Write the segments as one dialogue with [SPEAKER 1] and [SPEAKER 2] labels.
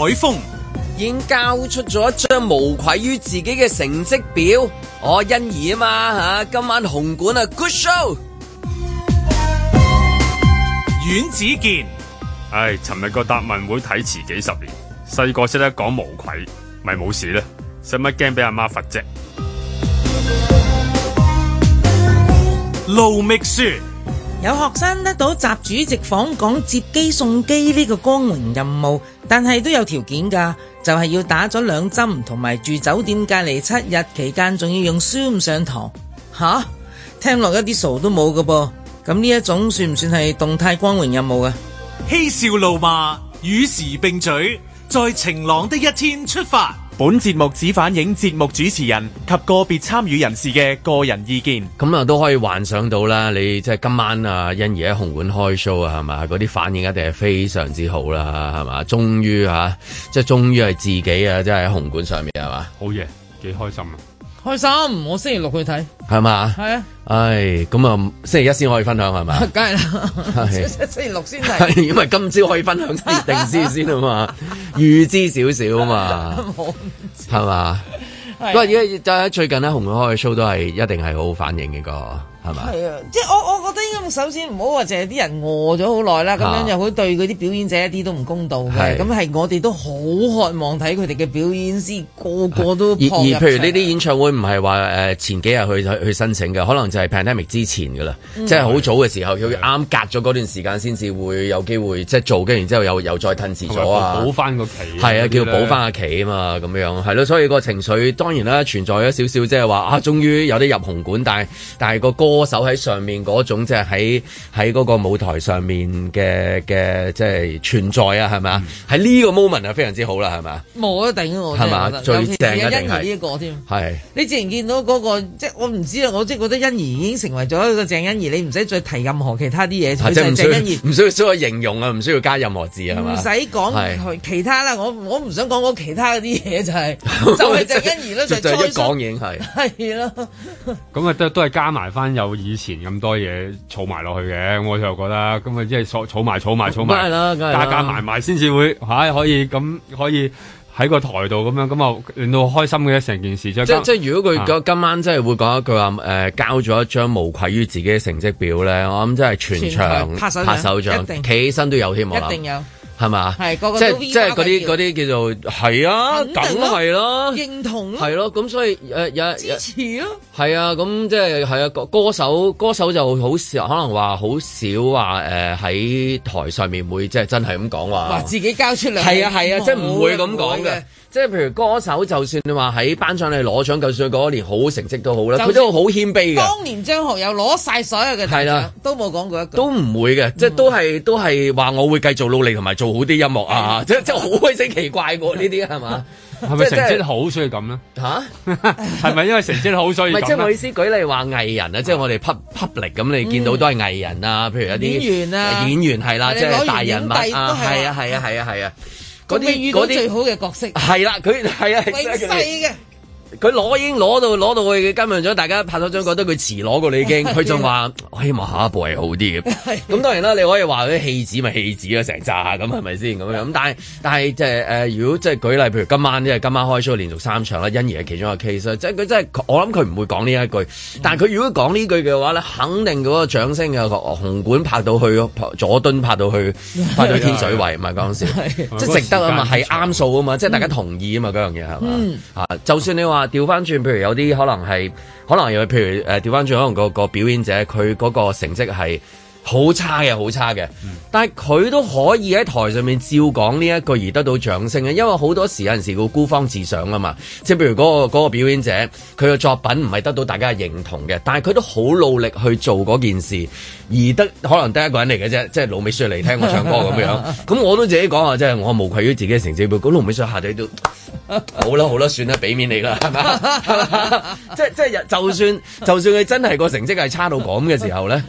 [SPEAKER 1] 海峰已經
[SPEAKER 2] 交出咗一張無愧於自己嘅成績表，我、哦、欣宜啊嘛吓，今晚紅館啊 good show。
[SPEAKER 1] 阮子健，唉、哎，尋日個答問會睇遲幾十年，細個識得講無愧，咪冇事啦，使乜驚俾阿媽罰啫？
[SPEAKER 3] 盧覓雪，有學生得到習主席訪港接機送機呢個光榮任務。但係都有條件噶，就係、是、要打咗兩針，同埋住酒店隔離七日期間，仲要用 Zoom 上堂，吓、啊、聽落一啲傻都冇噶噃。咁、嗯、呢一種算唔算係動態光榮任務啊？
[SPEAKER 2] 嬉笑怒罵，與時並舉，在晴朗的一天出發。本節目只反映節目主持人及個別參與人士嘅個人意見。咁啊都可以幻想到啦，你即係今晚啊欣宜喺紅館開 show 啊，係嘛？嗰啲反應一定係非常之好啦，係嘛？終於啊，即係終於係自己啊，即係喺紅館上面係嘛？好嘢，幾開心啊！
[SPEAKER 3] 開心，我星期六去睇，
[SPEAKER 2] 係嘛吧？係啊，唉、哎，咁啊，星期一先可以分享係嘛？
[SPEAKER 3] 梗係啦，是星期六先嚟，因
[SPEAKER 2] 為今朝可以分享先定先先啊嘛，預 知少少啊嘛，係嘛？ 不過而家就喺最近咧，紅開嘅 show 都係一定係好反應嘅歌。係
[SPEAKER 3] 啊，即係我我覺得應該首先唔好話，淨係啲人餓咗好耐啦，咁樣又會對嗰啲表演者一啲都唔公道嘅。咁係我哋都好渴望睇佢哋嘅表演，先個個都而譬如呢啲
[SPEAKER 2] 演唱會唔係話誒前幾日去去申請嘅，可能就係 pandemic 之前嘅啦，即係好早嘅時候，要啱隔咗嗰段時間先至會有機會即係做，跟然之後又又再吞遲咗啊，補翻
[SPEAKER 1] 個期，係啊，叫補翻
[SPEAKER 2] 個期啊嘛，咁樣係咯，所以個情緒當然啦存在咗少少，即係話啊，終於有啲入紅館，但係但係個歌。歌手喺上面嗰種即係喺喺嗰個舞台上面嘅嘅即係存在啊，係咪啊？喺呢個 moment 啊，非常之好啦，係咪啊？
[SPEAKER 3] 冇得頂啊，我真係覺得最正啊，係。你自然見到嗰個即係我唔知啦，我即係覺得欣宜已經成為咗一個鄭欣宜，你唔使再提任何其他啲嘢，就係鄭欣宜。
[SPEAKER 2] 唔需要需要形容啊，唔需要加任何字係咪？唔使講
[SPEAKER 3] 其他啦。我我唔想講我其他啲嘢，就係就係鄭欣宜咯，就再講已經係係咯。
[SPEAKER 1] 咁啊都都係加埋翻有以前咁多嘢儲埋落去嘅，我就覺得咁啊，即係儲埋儲埋儲埋，埋，埋，埋，加加埋埋先至會，唉、哎，可以咁可以喺個台度咁樣，咁啊令到開心嘅成件事即即。即即如果佢、啊、今晚真係會講一句話，誒、
[SPEAKER 2] 呃，交咗一張無愧於自己嘅成績表咧，我諗真係全場全拍手掌，企定起身都有添，我諗。係嘛？
[SPEAKER 3] 即即係嗰啲
[SPEAKER 2] 啲叫做係啊，梗係咯，啊、認同咯，係咯、啊，咁所以誒有、呃呃、支持咯，係啊，咁、啊、即係係啊，歌歌手歌手就好少，可能話好少話誒喺台上面會即係真係咁講話，話自
[SPEAKER 3] 己交出嚟係啊係啊，啊有即係唔會咁講嘅。
[SPEAKER 2] 即係譬如歌手，就算你話喺頒獎禮攞獎，就算嗰一年好成績都好啦，佢都好謙卑嘅。當
[SPEAKER 3] 年張學友攞晒所有嘅大獎，都冇講過一句。都
[SPEAKER 2] 唔會嘅，即
[SPEAKER 3] 係都係都
[SPEAKER 2] 係話我會繼續努力同埋做好啲音樂啊！即即係好鬼死奇怪喎，呢啲係嘛？
[SPEAKER 1] 係咪成績
[SPEAKER 2] 好所以咁咧？吓？係咪因為成績好所以？唔係，即係我意思，舉例話藝人咧，即係我哋匹力咁，你見到都係藝人啊，譬如一啲演員啊，演員係啦，即係大人物啊，係啊，係啊，係啊，係啊。嗰啲嗰啲最
[SPEAKER 3] 好嘅角色，係
[SPEAKER 2] 啦，佢係啊，係細嘅。佢攞已經攞到攞到去金像獎，大家拍咗掌，覺得佢遲攞過你已經。佢仲話，希、哎、望下一步係好啲咁 當然啦，你可以話佢戲子咪戲子咯，成扎咁係咪先咁樣？咁但係但係即係誒，如果即係舉例，譬如今晚即係今晚開 show 連續三場啦，欣宜係其中一個 case 即。即係佢真係我諗佢唔會講呢一句。但係佢如果講呢句嘅話咧，肯定嗰個掌聲啊，紅館拍到去佐敦，拍到去拍到天水圍唔係！嗰陣時即係 的值得啊嘛，係啱的數啊嘛，即係大家同意啊嘛嗰、嗯、樣嘢係嘛就算你話，啊！調翻轉，譬如有啲可能係可能又譬如誒調翻轉，可能，呃可能個個表演者佢嗰個成績係，好差嘅，好差嘅，但係佢都可以喺台上面照講呢一句而得到掌聲嘅。因為好多時有陣時佢孤芳自賞啊嘛，即係譬如個個表演者，佢嘅作品唔係得到大家嘅認同嘅，但係佢都好努力去做件事，而得可能得一個人嚟嘅啫，即係盧美雪嚟聽我唱歌咁樣，咁我都自己講啊，即係我無愧於自己嘅成績表，咁盧美雪下底都好啦好啦，算啦，俾面你啦，即係即係就算就算佢真係個成績係差到咁嘅時候咧，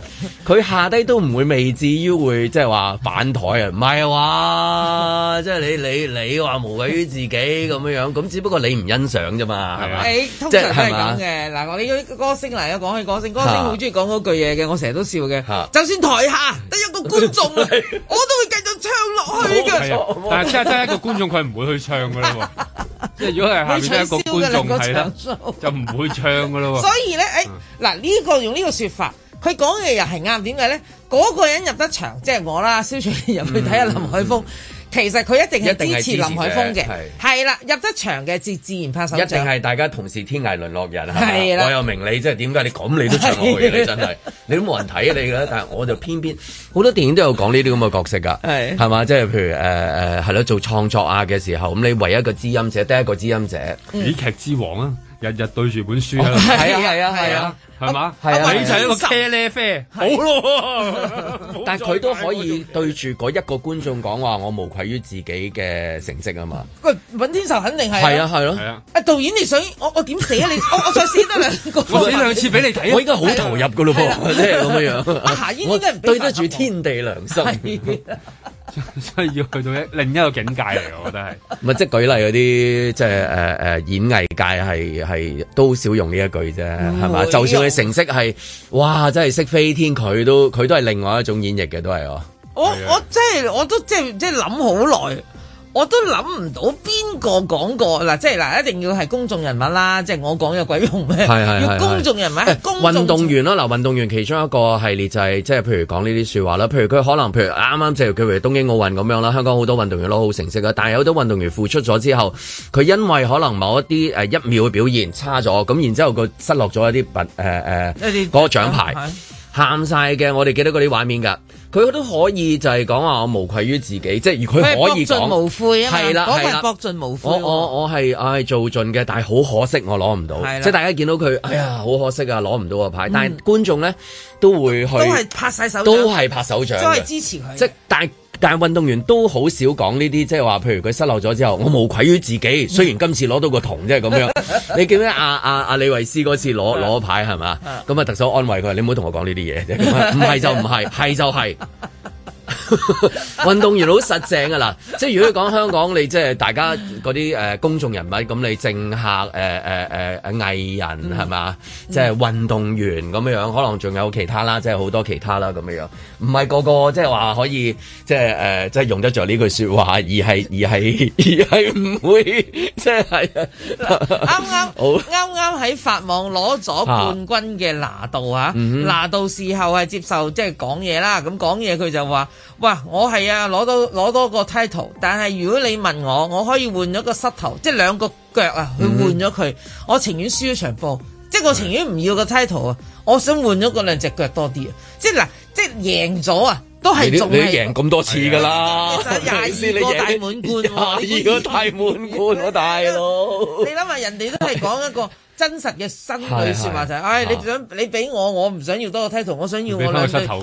[SPEAKER 2] 佢下低。都唔會未至於會即係話反台啊，唔係話即係你你你話無謂於自己咁樣樣，咁只不過你唔欣賞啫嘛，係咪？通常都係咁嘅。
[SPEAKER 3] 嗱，我哋啲歌星嚟嘅，講起歌星，歌星好中意講嗰句嘢嘅，我成日都笑嘅。就算台下得一個觀眾，我都會繼續唱落去嘅。但係真係得一個觀眾，佢唔會去唱噶啦。
[SPEAKER 1] 即係如果係下邊得一個觀眾，係就唔會唱噶啦。所
[SPEAKER 3] 以咧，誒，嗱，呢個用呢個說法。佢講嘅又係啱，點解咧？嗰、那個人入得場，即係我啦。肖卓入去睇下林海峰，嗯嗯、其實佢一定係支持林海峰嘅。係啦，入得場嘅自自然拍手。一定係
[SPEAKER 2] 大家同是天涯淪落人，係嘛？的我又明你，即係點解你咁？你都唱落去，的你真係你都冇人睇你嘅。 但係我就偏偏好多電影都有講呢啲咁嘅角色㗎，係係嘛？即係譬如誒誒係咯，做創作啊嘅時候，咁你唯一個知音者，得
[SPEAKER 1] 一個知音者，喜、嗯、 劇之王啊！日日對住本書啦，係啊係啊係啊，係
[SPEAKER 2] 嘛？係就係一個車咧啡，好咯。但係佢都可以對住嗰一個觀眾講話，我無愧於自己嘅成績啊嘛。
[SPEAKER 3] 尹天仇肯定係，係啊係
[SPEAKER 2] 咯，係啊。
[SPEAKER 3] 啊導演你想我我點死啊，你？我我再死得兩
[SPEAKER 2] 個，我呢兩次俾你睇，我依家好投入噶咯，即係
[SPEAKER 1] 咁嘅樣。我對得住天地良心。真 係要去到另一個境界嚟，我覺得
[SPEAKER 2] 係。咪即係舉例嗰啲，即係誒誒演藝界係係都好少用呢一句啫，係嘛？就算佢成色係，哇！真係識飛天，佢都佢都係另外一種演繹嘅，都係哦我
[SPEAKER 3] 我我真係我都即係即係諗好耐。我都諗唔到邊個講過嗱，即係嗱，一定要係公眾人物啦，即係我講有鬼用咩？係係要公眾人物。
[SPEAKER 2] 運動員咯，嗱運、呃、動員其中一個系列就係、是、即係，譬如講呢啲說話啦，譬如佢可能，譬如啱啱即係譬如東京奧運咁樣啦，香港好多運動員都好成績啦，但係有好多運動員付出咗之後，佢因為可能某一啲誒、呃、一秒嘅表現差咗，咁然之後佢失落咗一啲品誒誒嗰個獎牌，喊晒嘅，我哋記得嗰啲畫面噶。佢都可以就係講話我無愧於自己，即係如果可以講，係啦係啦，博盡
[SPEAKER 3] 無悔啊！我我我
[SPEAKER 2] 係我係做盡嘅，但係好可惜我攞唔到，的即係大家見到佢，哎呀好可惜啊，攞唔到個牌。嗯、但係觀眾咧都會去，都係拍
[SPEAKER 3] 曬手，都係拍手掌，都係支持佢。即
[SPEAKER 2] 但。但運動員都好少講呢啲，即係話，譬如佢失落咗之後，我無愧於自己。雖然今次攞到個銅，即係咁樣。 你記唔記得阿阿阿李慧詩嗰次攞攞牌係嘛？咁啊， 特首安慰佢：你唔好同我講呢啲嘢，唔係就唔係，係就係、是。 運 動員好實正噶啦，即係如果講香港，你即係大家嗰啲誒公眾人物，咁你政客，誒誒誒藝人係嘛，即係運動員咁樣樣，可能仲有其他啦，即係好多其他啦咁樣樣，唔係個個即係話可以即係誒，即係用得着呢句說話，而係而係而係唔會即
[SPEAKER 3] 係，啱啱啱啱喺法網攞咗冠軍嘅拿度啊，拿度事後係接受即係講嘢啦，咁講嘢佢就話。哇！我係啊，攞到攞多個 title，但係如果你問我，我可以換咗個膝頭，即係兩個腳啊，去換咗佢，嗯、我情願輸一場波，即係我情願唔要個 title 啊，我想換咗個兩隻腳多啲啊！即係嗱，即係贏咗啊，都係仲係贏咁
[SPEAKER 2] 多次㗎啦，廿二、哎、呀個大滿貫喎，廿二 個大滿貫喎，大佬，
[SPEAKER 3] 你諗下人哋都係講一個。真實嘅新理説話就係、是，唉、哎，你想你俾我，我唔想要多個 title。我想要我兩對健康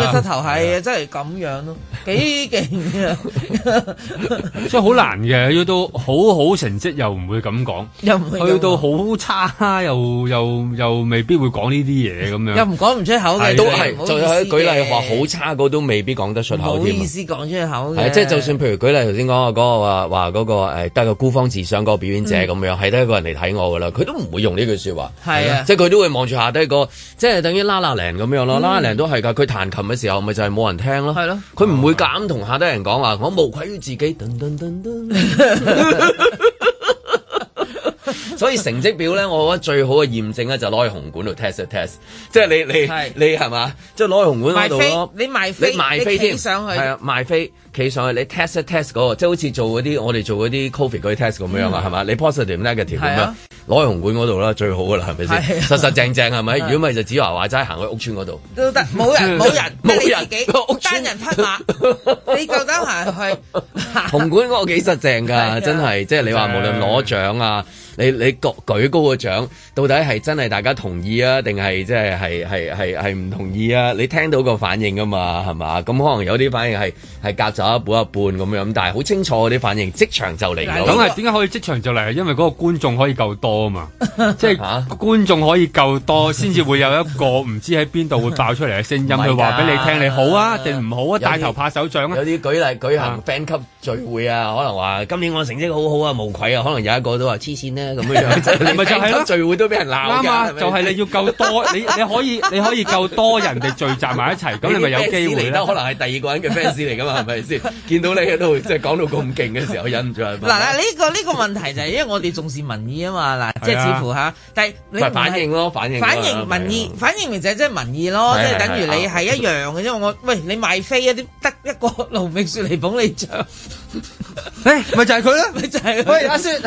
[SPEAKER 3] 嘅膝頭，係啊，真係咁樣咯，幾勁啊！
[SPEAKER 1] 所以好難嘅，要到好好成績又唔會咁講，又唔會去到好差又又又未必會講呢啲嘢咁
[SPEAKER 2] 樣，又唔
[SPEAKER 3] 講唔出口嘅，都係仲舉例話好
[SPEAKER 1] 差個都未必講得出口，
[SPEAKER 2] 唔好意思
[SPEAKER 3] 講出口嘅，即係就算
[SPEAKER 2] 譬如舉例頭先講嗰個話話嗰個得、嗰個孤芳自賞嗰個表演者咁樣，係得一個人嚟睇我噶啦，佢都唔。呃呃呃呃呃呃會用呢句說話，係啊，即係佢都會望住下低個，即係等於啦啦零咁樣咯，啦啦零都係噶。佢彈琴嘅時候咪就係冇人聽咯，係咯、啊，佢唔會咁同下低人講話，我無愧於自己。所以成績表咧，我覺得最好嘅驗證咧，就攞、是、去紅館度 test test，即係你你你係嘛，即係攞是去紅館嗰度你
[SPEAKER 3] 賣飛你賣飛添上去，係、嗯、啊，
[SPEAKER 2] 啊賣飛。企上去你 test test 嗰個，即係好似做嗰啲我哋做嗰啲 covid 嗰啲 test 咁樣啊，係嘛？你 positive negative 咁樣攞去紅館嗰度啦，最好噶啦，係咪先？實實正正，係咪？如果唔係就子華話齋行去屋村嗰度都
[SPEAKER 3] 得，冇人冇人咩？你自己單人匹馬，你就得行
[SPEAKER 2] 去紅館嗰個幾實正㗎，真係即係你話無論攞獎啊。你你舉高個獎到底係真係大家同意啊，定係即係係係係係唔同意啊？你聽到個反應啊嘛，係嘛？咁、嗯、可能有啲反應係係夾咗一半一半咁樣，但係好清楚啲反應即場就嚟。係，係
[SPEAKER 1] 點解可以即場就嚟？係因為個觀眾可以夠多啊嘛，即係、啊、觀眾可以夠多，先至會有一個唔知喺邊度會爆出嚟嘅聲音、啊、去話俾你聽你好啊定唔好啊？帶頭拍手
[SPEAKER 2] 掌、啊、有啲舉例舉行 fan 級聚會啊，可能話今年我成績好好啊，無愧啊，可能有
[SPEAKER 3] 一個都話黐線咧。咁嘅樣，咪就係咯，聚會都俾人鬧噶嘛，就係
[SPEAKER 1] 你要夠多，你你
[SPEAKER 3] 可以你可以夠
[SPEAKER 1] 多人哋聚集埋一齊，
[SPEAKER 3] 咁你咪有機會啦。可能係第二個人嘅 fans
[SPEAKER 1] 嚟
[SPEAKER 2] 噶嘛，係咪先？見到你喺度即係講到咁勁嘅時候，忍唔住係。嗱嗱，
[SPEAKER 3] 呢個呢個問題就係因為我哋重視民意啊嘛。嗱，即係似乎吓，但係你唔係反應咯，反應反應民意，反應咪就係即係民意咯，即係等於你係一樣嘅啫。我喂，你買飛一啲得一個盧明雪嚟捧你場，誒，咪就係佢咯，咪就係咯，喂阿雪。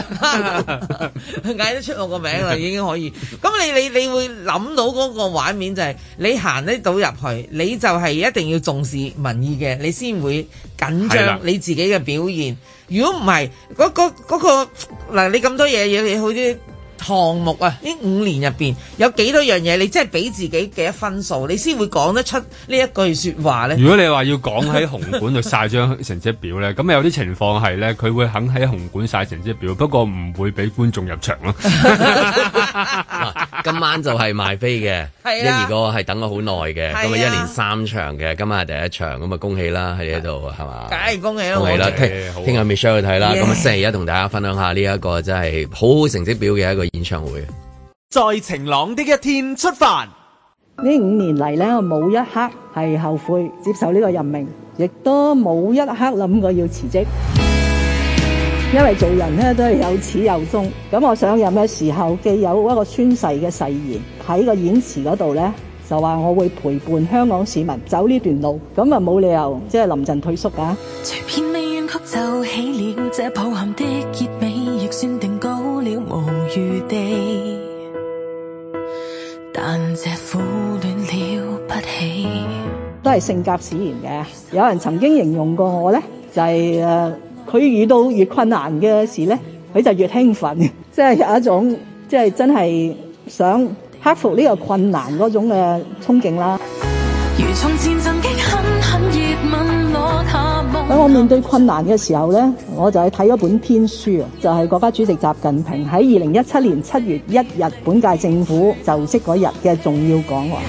[SPEAKER 3] 佢嗌得出我個名啦，已經可以。咁你你你會諗到嗰個畫面就係、是、你行得到入去，你就係一定要重視民意嘅，你先會緊張你自己嘅表現。吧如果唔係，嗰、那、嗰個嗱、那個那個，你咁多嘢嘢，你好啲。項目啊！呢五年入邊有幾多樣嘢，你真係俾自己幾多分數，你先會講得出呢一句説話咧？如果你話要講喺紅館度
[SPEAKER 1] 曬張成績表咧，咁有啲情況係咧，佢會肯喺紅館曬成績表，不過唔會俾觀眾入場咯。今晚就係賣飛嘅，
[SPEAKER 2] 一二哥係等咗好耐嘅，咁啊一連三場嘅，今晚係第一場，咁啊恭喜啦喺呢度係嘛？
[SPEAKER 3] 誒，梗係恭喜啦！
[SPEAKER 2] 聽日 Michelle 去睇啦，咁啊星期一同大家分享下呢一個真係好好成績表嘅一個。演唱會，
[SPEAKER 3] 在晴朗的一天出發。
[SPEAKER 4] 呢五年嚟，呢我冇一刻係後悔接受呢個任命，亦都冇一刻諗過要辭職。因為做人呢，都係有始有終。咁我上任嘅時候，既有一個宣誓嘅誓言，喺個演詞嗰度呢，就話我會陪伴香港市民走呢段路。咁啊冇理由即係臨陣
[SPEAKER 3] 退縮
[SPEAKER 4] 啊。 但
[SPEAKER 3] 苦了
[SPEAKER 4] 不起，都係性格使然嘅。有人曾經形容過我咧，就係、是、誒，佢、呃、遇到越困難嘅事咧，佢就越興奮，即 係有一種，即、就、係、是、真係想克服呢個困難嗰種嘅憧憬啦。喺我面對困難嘅時候呢，我就去睇一本天書啊，就係國家主席習近平喺二零一七年七月一日本屆政府就職嗰日嘅重要講話。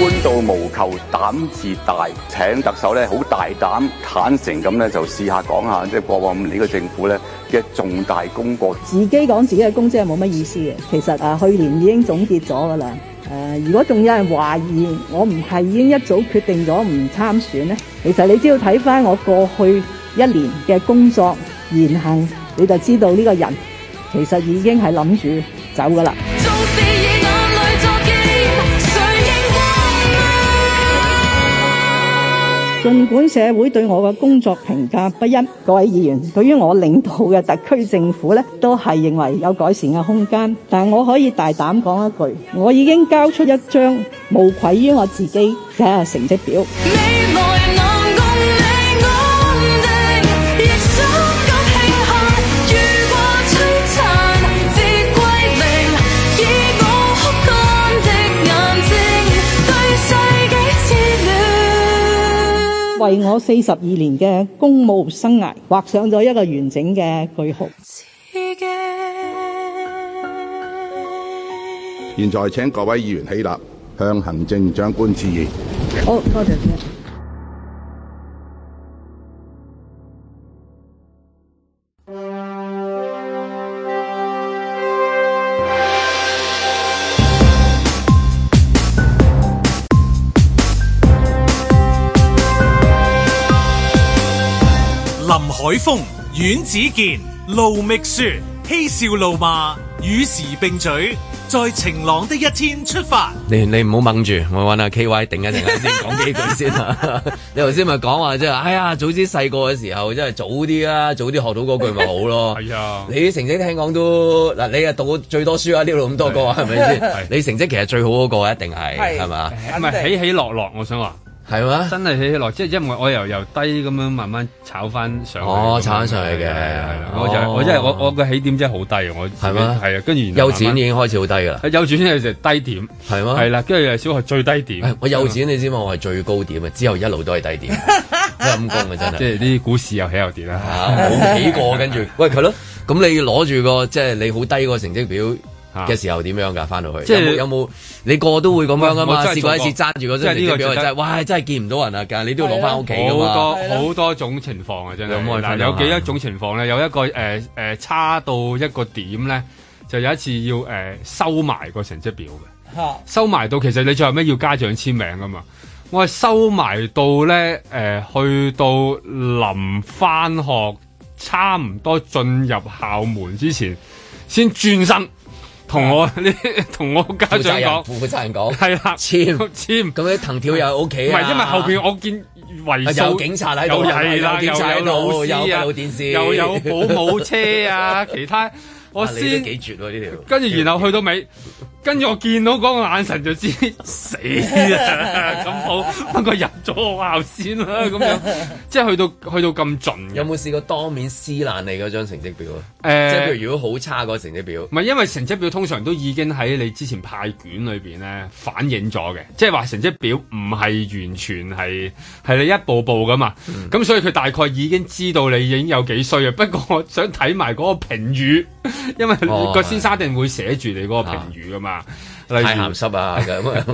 [SPEAKER 3] 官
[SPEAKER 1] 道無求膽自大，請特首呢，好大膽坦誠咁呢，就試下講下，即係過往呢個政府呢。
[SPEAKER 4] 嘅重大功過，自己講自己嘅功績係冇乜意思嘅。其實誒、啊，去年已經總結咗噶啦。誒、啊，如果仲有人懷疑我唔係已經一早決定咗唔參選咧，其實你只要睇翻我過去一年嘅工作，言行，你就知道呢個人其實已經係諗住走噶啦。儘管社會對我嘅工作評價不一，各位議員對於我領導嘅特區政府呢，都係認為有改善嘅空間。但我可以大膽講一句，我已經交出一張無愧於我自己嘅成績表。為我四十二年嘅公務生涯畫上咗一個完整嘅句號。
[SPEAKER 1] 現在請各位議員起立，向行政長官致意。
[SPEAKER 4] 好，多謝。
[SPEAKER 1] 海峰阮子健、
[SPEAKER 2] 盧覓雪嬉笑怒罵與時並舉，在晴朗
[SPEAKER 3] 的一天出發。
[SPEAKER 2] 你你唔好掹住，我揾下 K Y 定一定，間先講幾句先啊！ 你頭先咪講話即係，哎呀，早知細個嘅時候即係早啲啦，啊，早啲學到嗰句咪好咯。係啊， 你成績聽講都嗱，你啊讀最多書啊，呢度咁多個係咪先？
[SPEAKER 1] 你成績其實最好嗰個一定係係嘛，係咪？係係起起落落，我想話。係嘛？真係起起落，即係因為我由由低咁樣慢慢炒翻上去。哦，炒翻上去嘅，我就我真係我我個起點真係好低。我係嘛？係啊，跟住幼稚園已經
[SPEAKER 2] 開始好低㗎。
[SPEAKER 1] 幼稚園係就低點，
[SPEAKER 2] 係嘛？係啦，跟住小學最低點。我幼稚園你知嘛？我係最高點啊，之後一路都係低點，陰功啊真係。即係啲股市又起又跌啊，冇起過跟住。喂，佢咯，咁你攞住個即係你好低個成績表。嘅時候點樣㗎？翻到去即係有冇
[SPEAKER 1] 你個個都會咁樣㗎嘛？我試過一次揸住嗰張成績表真係，
[SPEAKER 2] 哇！真係見唔到人啊！但你都要攞翻屋企。好多好多
[SPEAKER 1] 種情況啊！真係嗱，有幾多種情況咧？有一個誒誒差到一個點咧，就有一次要誒收埋個成績表嘅，收埋到其實你最後尾要家長簽名㗎嘛？我係收埋到咧誒，去到臨翻學差唔多進入校門之前，先轉身。同我呢？同我家長，講，負責人講，係啦的，簽
[SPEAKER 2] 簽咁啲藤條又 O K 啊！唔係，因為後邊我
[SPEAKER 1] 見維修警察喺度，係啦，又有老師啊，有電視，又有，有保姆車啊， 其他。我先幾、啊、絕喎呢條，條跟住着然後去到尾， 跟住我見到嗰個眼神就知 死啊！咁好，不過 入咗學校先啦，咁樣 即係去到去到咁盡，有冇試過當面撕爛你嗰張成績表啊？誒，即係譬如如果好差嗰成績表，唔係、呃、因為成績表通常都已經喺你之前派卷裏邊咧反映咗嘅，即係話成績表唔係完全係係你一步步噶嘛，咁、嗯、所以佢大概已經知道你已經有幾衰啊。不過我想睇埋嗰個評語。因為個先生一定會寫住你嗰個評語噶嘛，啊、例如咸濕啊咁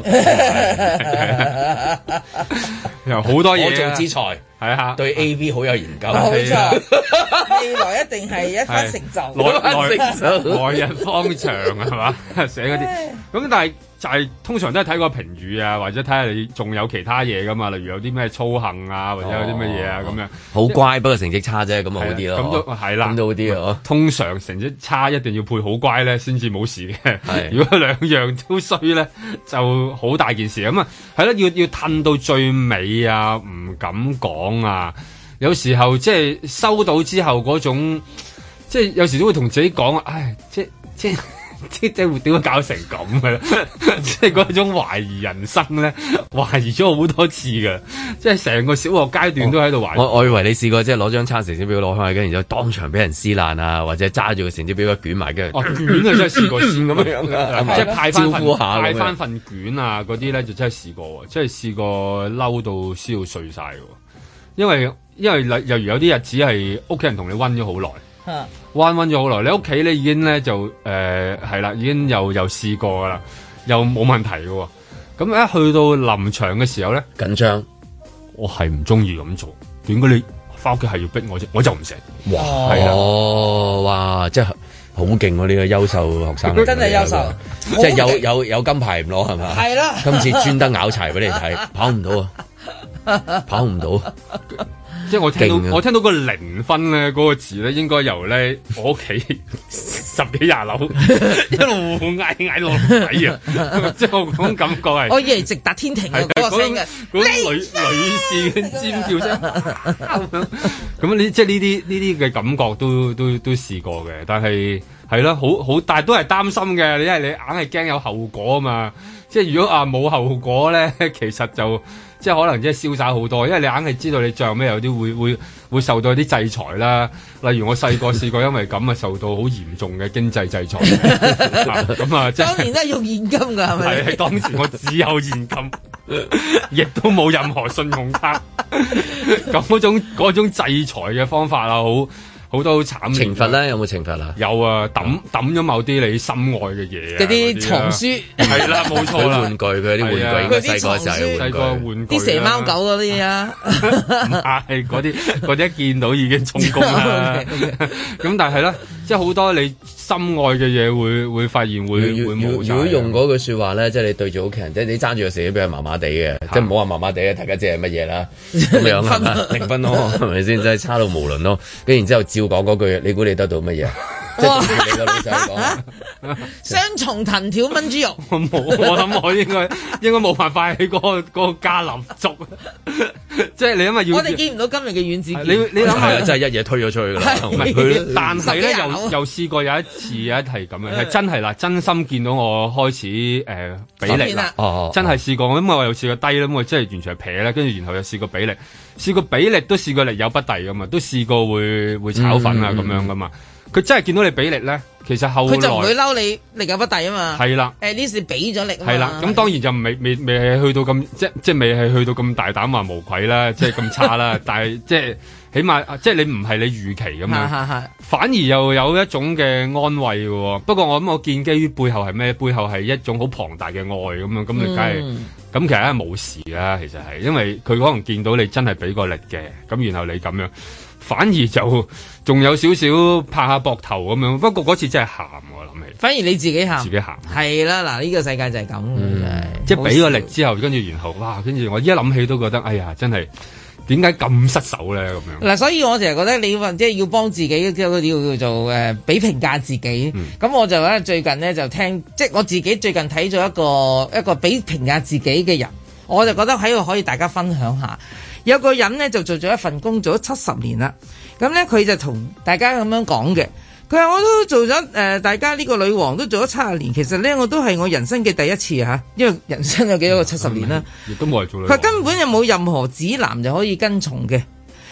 [SPEAKER 1] 樣，好多嘢。我做之才係啊， 對 A V 好有研究
[SPEAKER 3] 是的， 未來一定係一番成就，來來日
[SPEAKER 1] 方長係嘛，寫嗰啲，咁 但係。但係通常都係睇個評語啊，或者睇下你仲有其他嘢噶嘛？例如有啲咩操行啊，或者有啲乜嘢啊咁、哦、樣。好乖即不過成績差啫，咁啊，啊，啊好啲咯。咁都係啦，咁啲通常成績差一定要配好乖咧，先至冇事嘅。如果兩樣都衰咧，就好大件事。咁啊，係啦，要要褪到最尾啊，唔敢講啊。有時候即係收到之後嗰種，即係有時都會同自己講啊，唉，即即。即即即即即 即係會點解搞成咁嘅？ 即係嗰種懷疑人生咧，懷疑咗好多次嘅。即係
[SPEAKER 2] 成個小學階段都喺度懷疑、哦我。我以為你試過即係攞張叉成紙俾佢攞開，跟住就當場俾人撕爛啊，或者揸住個成紙俾佢捲埋，跟住哦卷啊，真係試過先咁樣樣即係派翻
[SPEAKER 1] 派翻份卷啊，嗰啲咧就真係試過，即係試過嬲到燒碎晒嘅。因為因為嗱，例如有啲日子係屋企人同你溫咗好耐。 彎彎咗好耐，你屋企咧已經咧就誒係啦，已經又又試過噶啦，又冇問題嘅喎。咁一去到臨場嘅時候咧，緊張。我係唔中意咁做，點解你翻屋企係要逼我啫？我就唔成。哇！哇係咯哦，哇！即係好勁喎！呢個優秀學
[SPEAKER 2] 生，真係優秀，吧即係有有
[SPEAKER 1] 有金牌唔攞係嘛？
[SPEAKER 3] 係啦。的 今次專登拗柴俾你睇，跑唔到啊！跑
[SPEAKER 1] 唔到。即係我聽到，啊、我聽到個零分咧，嗰、嗰個字咧，應該由咧我屋企十幾廿樓 一路嗌嗌落嚟啊！ 即係我嗰種感覺係，我以為
[SPEAKER 3] 直達天庭嗰、啊的嗰個聲嗰女
[SPEAKER 1] 女士嘅
[SPEAKER 3] 尖叫聲咁
[SPEAKER 1] 樣。啊嗯、即係呢啲呢啲嘅感覺都都都試過嘅，但係係咯，好好，但係都係擔心嘅。你因為你硬係驚有後果啊嘛！即係如果啊冇後果咧，其實就。即係可能即係瀟灑好多，因為你硬係知道你做咩有啲會會會受到啲制裁啦。例如我細個試過因為咁啊受到好嚴重嘅經濟制裁。咁 啊、嗯，當年都
[SPEAKER 3] 係用現金㗎，係咪？係
[SPEAKER 1] 當時我只有現金，亦 都冇任何信用卡。咁 嗰種嗰種制裁嘅方法啊，好。好多好慘！懲罰咧，有冇懲罰啊？有啊，抌抌咗某啲你心愛嘅嘢啊！嗰啲藏書，係啦，冇錯，玩具，佢啲玩具細個仔，細個玩具，啲蛇、貓、
[SPEAKER 3] 狗嗰啲啊，
[SPEAKER 1] 唔係嗰啲，嗰啲一見到已經中弓。咁但係咧，即係好多你心愛嘅嘢會會發現會會冇。如果用嗰句説
[SPEAKER 2] 話咧，即係你對住屋企人，即係你爭住個蛇俾佢麻麻地嘅，即係唔好話麻麻地啊！大家知係乜嘢啦？咁樣啊，零分咯，係咪先？真係差到無倫咯，跟然之後照。講嗰句，你估你得到乜嘢？
[SPEAKER 3] 即你個女仔講，雙重藤條炆豬肉。我
[SPEAKER 1] 冇，我諗我應該應該冇辦法喺嗰個嗰個家林足。即係你因為
[SPEAKER 3] 要我哋見唔到今日嘅丸子，你你諗下又真係一
[SPEAKER 1] 嘢推咗出
[SPEAKER 2] 去啦。
[SPEAKER 3] 但係咧又
[SPEAKER 1] 又試過有一次有一題咁樣，係真係嗱，真心見到我開始誒比例啦。哦哦，真係試過，咁我又試過低啦，咁我真係完全係撇咧。跟住然後又試過比例，試過比例都試過力有不逮咁嘛，都試過會會炒粉啊咁樣噶嘛。佢真係見到你俾力咧，其實後佢就唔會嬲
[SPEAKER 3] 你力有不逮啊嘛。係啦的，誒呢次俾咗力係啦，咁的的
[SPEAKER 1] 當然就未未未係去到咁即即未係去到咁大膽話無愧啦，即係咁差啦。 但係即係起碼即係你唔係你預期咁樣， 反而又有一種嘅安慰嘅、啊。不過我諗我見機於背後係咩？背後係一種好龐大嘅愛咁樣。咁你梗係咁，其實係冇事啦。其實係因為佢可能見到你真係俾個力嘅，咁然後你咁樣。反而就仲有少少拍下膊頭咁樣，不過嗰次真係喊喎，
[SPEAKER 3] 諗起。反而你自己喊。自己喊。係啦，嗱，呢個世界就係咁，即係俾個
[SPEAKER 1] 力之後，跟住然後，哇！跟住我依家諗起都覺得，哎呀，真係點解咁失手咧？咁樣
[SPEAKER 3] 嗱，所以我成日覺得你話即係要幫自己，即啲叫做誒，俾、呃、評價自己。咁、嗯、我就咧最近咧就聽，即係我自己最近睇咗一個一個俾評價自己嘅人，我就覺得喺度可以大家分享下。有個人呢，就做咗一份工做咗七十年啦，咁呢，佢就同大家咁樣講嘅，佢話我都做咗誒、呃，大家呢個女王都做咗七十年，其實呢，我都係我人生嘅第一次嚇、啊，因為人生有幾多個七十年啦？亦都冇人做、佢、嗯嗯嗯、根本就冇任何指南就可以跟從嘅，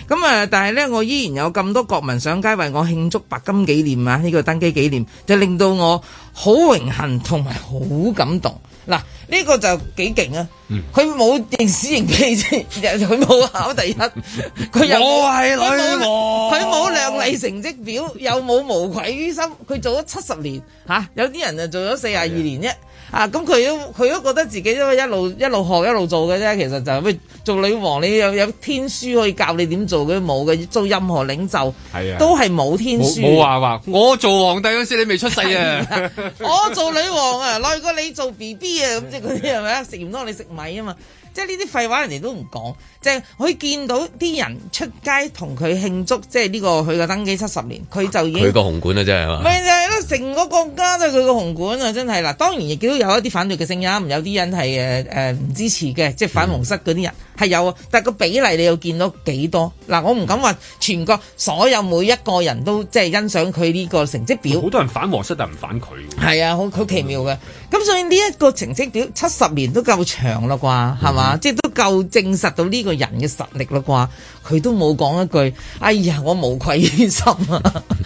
[SPEAKER 3] 咁啊，但係呢，我依然有咁多國民上街為我慶祝白金紀念啊，呢、呢個登基紀、紀念就令到我好榮幸同埋好感動。嗱，呢個就幾勁啊！佢冇史死人氣，佢冇考第一，佢又係女。佢冇靚麗成績表， 又冇無愧於心，佢做咗七十年嚇， 有啲人就做咗四廿二年啫。啊！咁佢都佢都覺得自己因一路一路學一路做嘅啫，其實就咩、係、做女王，你有有天書可以教你點做佢冇嘅。做任何領袖、啊、都係冇天書。冇話
[SPEAKER 1] 話，我做皇帝嗰時你未出世 啊！
[SPEAKER 3] 我做女王啊，耐過你做 B B 啊，咁即係嗰啲係咪啊？食唔到你食米啊嘛！即係呢啲廢話，人哋都唔講。即係可以見到啲人出街同佢慶祝，即係呢個佢個登基七十年，佢就已經佢個紅
[SPEAKER 2] 館啊，真係啊！咪
[SPEAKER 3] 就係咯，成個國家都係佢個紅館啊，真係嗱。當然亦都有一啲反對嘅聲音，有啲人係誒誒唔支持嘅，即係反皇室嗰啲人係、嗯、有，啊，但係個比例你又見到幾多嗱？我唔敢話全國所有每一個人都即係欣賞佢呢個成績表。好多人反皇室，但唔反佢。係啊，好奇妙嘅。咁所以呢一個成績表七十年都夠長啦啩，係咪？嗯。啊！即係都夠證實到呢個人嘅實力啦啩。佢都冇講一句，哎呀，我無愧於心啊，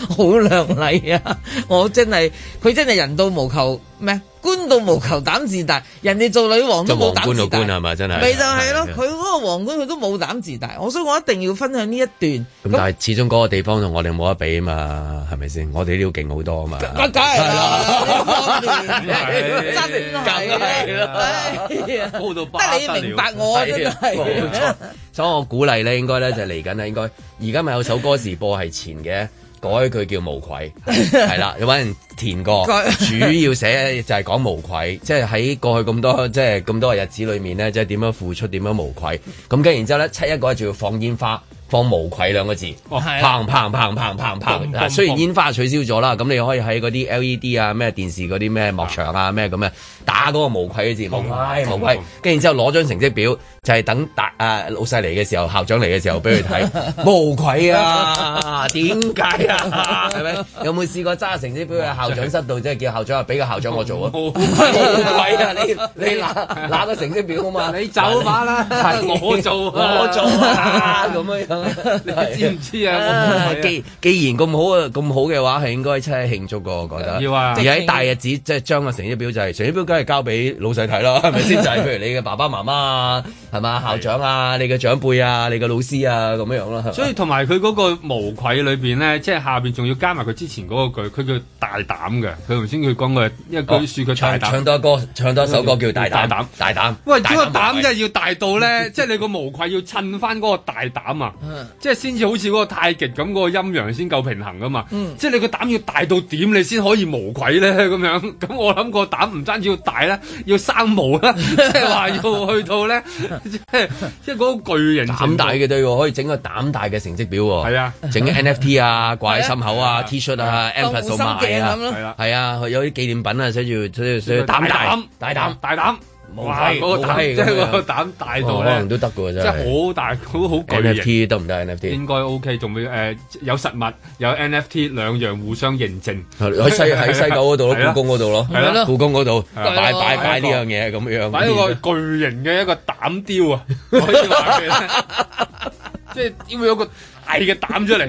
[SPEAKER 3] 好靚麗啊！我真係佢真係人到無求咩，官到無求膽自大。人哋做女王都冇膽自大，咪就係咯。佢嗰個皇冠佢都冇膽自大，我所以我一定要分享呢一段。
[SPEAKER 2] 咁但係始終嗰個地方同我哋冇得比啊嘛，係咪先？我哋都要勁好多啊嘛。
[SPEAKER 3] 梗係啦，真係梗係啦，高
[SPEAKER 2] 到不得了。得你明白我都係，所以我鼓勵咧，應該咧。咧就嚟緊啦，應該而家咪有首歌時播係前嘅改，佢 叫無愧係啦。位有有人填過， 主要寫就係講無愧，即係喺過去咁多即係咁多日子裏面咧，即係點樣付出，點樣無愧。咁跟然之後咧，七一嗰日就要放煙花，放無愧兩個字，嘭嘭嘭嘭
[SPEAKER 1] 嘭嘭。雖
[SPEAKER 2] 然煙花取消咗啦，咁你可以喺嗰啲 L E D 啊，咩電視嗰啲咩幕牆啊，咩咁嘅。打嗰個無愧嘅字，無愧無愧，跟然之後攞張成績表，就係等大啊老細嚟嘅時候，校長嚟嘅時候，俾佢睇無愧啊！點解啊？係咪有冇試過揸成績表喺校長室度，即係叫校長話俾個校長我做啊？無愧
[SPEAKER 3] 啊！你你攬攬個成績表啊嘛，你走把啦，我做我做啊！咁樣你知唔知啊？既
[SPEAKER 2] 既然咁好啊，咁好嘅話係應該出去慶祝過，我覺得。要喺大日子即係將個成績表就係成績表都係交俾老細睇啦，係咪先？就係 譬如你嘅爸爸媽媽啊。係嘛，校長啊，你嘅長輩啊，你
[SPEAKER 1] 嘅老師啊，咁樣樣咯。所以同埋佢嗰個無愧裏邊咧，即係下邊仲要加埋佢之前嗰個句，佢叫大膽嘅。佢頭先佢講過，一句說佢、oh, 唱唱多歌，唱多一首歌叫大膽，大膽。喂，呢個膽真係要大到咧， 即係你個無愧要襯翻嗰個大膽啊， 即係先至好似嗰個太極咁嗰個陰陽先夠平衡噶嘛。 即係你個膽要大到點，你先可以無愧咧咁樣。咁我諗個膽唔單止要大啦，要生毛啦、啊，即係話要去到咧。 即係嗰個巨型，膽大
[SPEAKER 2] 嘅，對可以整個膽大嘅成績表喎、哦。係啊，整 NFT 啊，掛喺心口啊，T 恤啊，ampersand 咁咯。係啊，有啲紀念品啊，寫住寫住寫膽大，大
[SPEAKER 1] 膽膽，大膽膽。大冇，嗰個膽，即係個膽大到咧，都得㗎咋，即係好大，好好巨型。NFT 得唔得？NFT 應該 OK，仲會誒有實物，有 NFT 兩樣互相認證。喺西喺西九嗰度咯，故宮嗰度咯，係咯，故宮嗰度擺擺擺呢樣嘢咁樣。擺一個巨型嘅一個膽雕啊！即係因為有個。大嘅膽出嚟，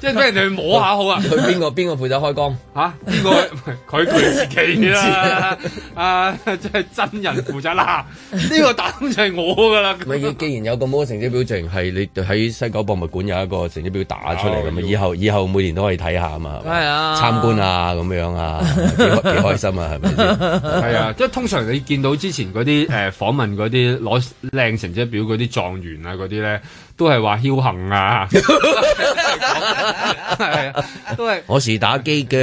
[SPEAKER 1] 即係俾人哋去摸下好啊！佢邊
[SPEAKER 2] 個邊個負責開光嚇？邊個佢佢自己啦啊！即
[SPEAKER 1] 係真人負責啦，
[SPEAKER 2] 呢個膽就係我噶啦。唔既然有咁多成績表證，係你喺西九博物館有一個成績表打出嚟咁啊！以後以後每年都可以睇下
[SPEAKER 1] 啊嘛，參觀啊咁樣啊，幾開心啊，係咪先？係啊，即係通常你見到之前嗰啲誒訪問嗰啲攞靚成績表嗰啲狀元啊嗰啲咧。都係話僥倖啊！係 啊，都係。我是打機嘅，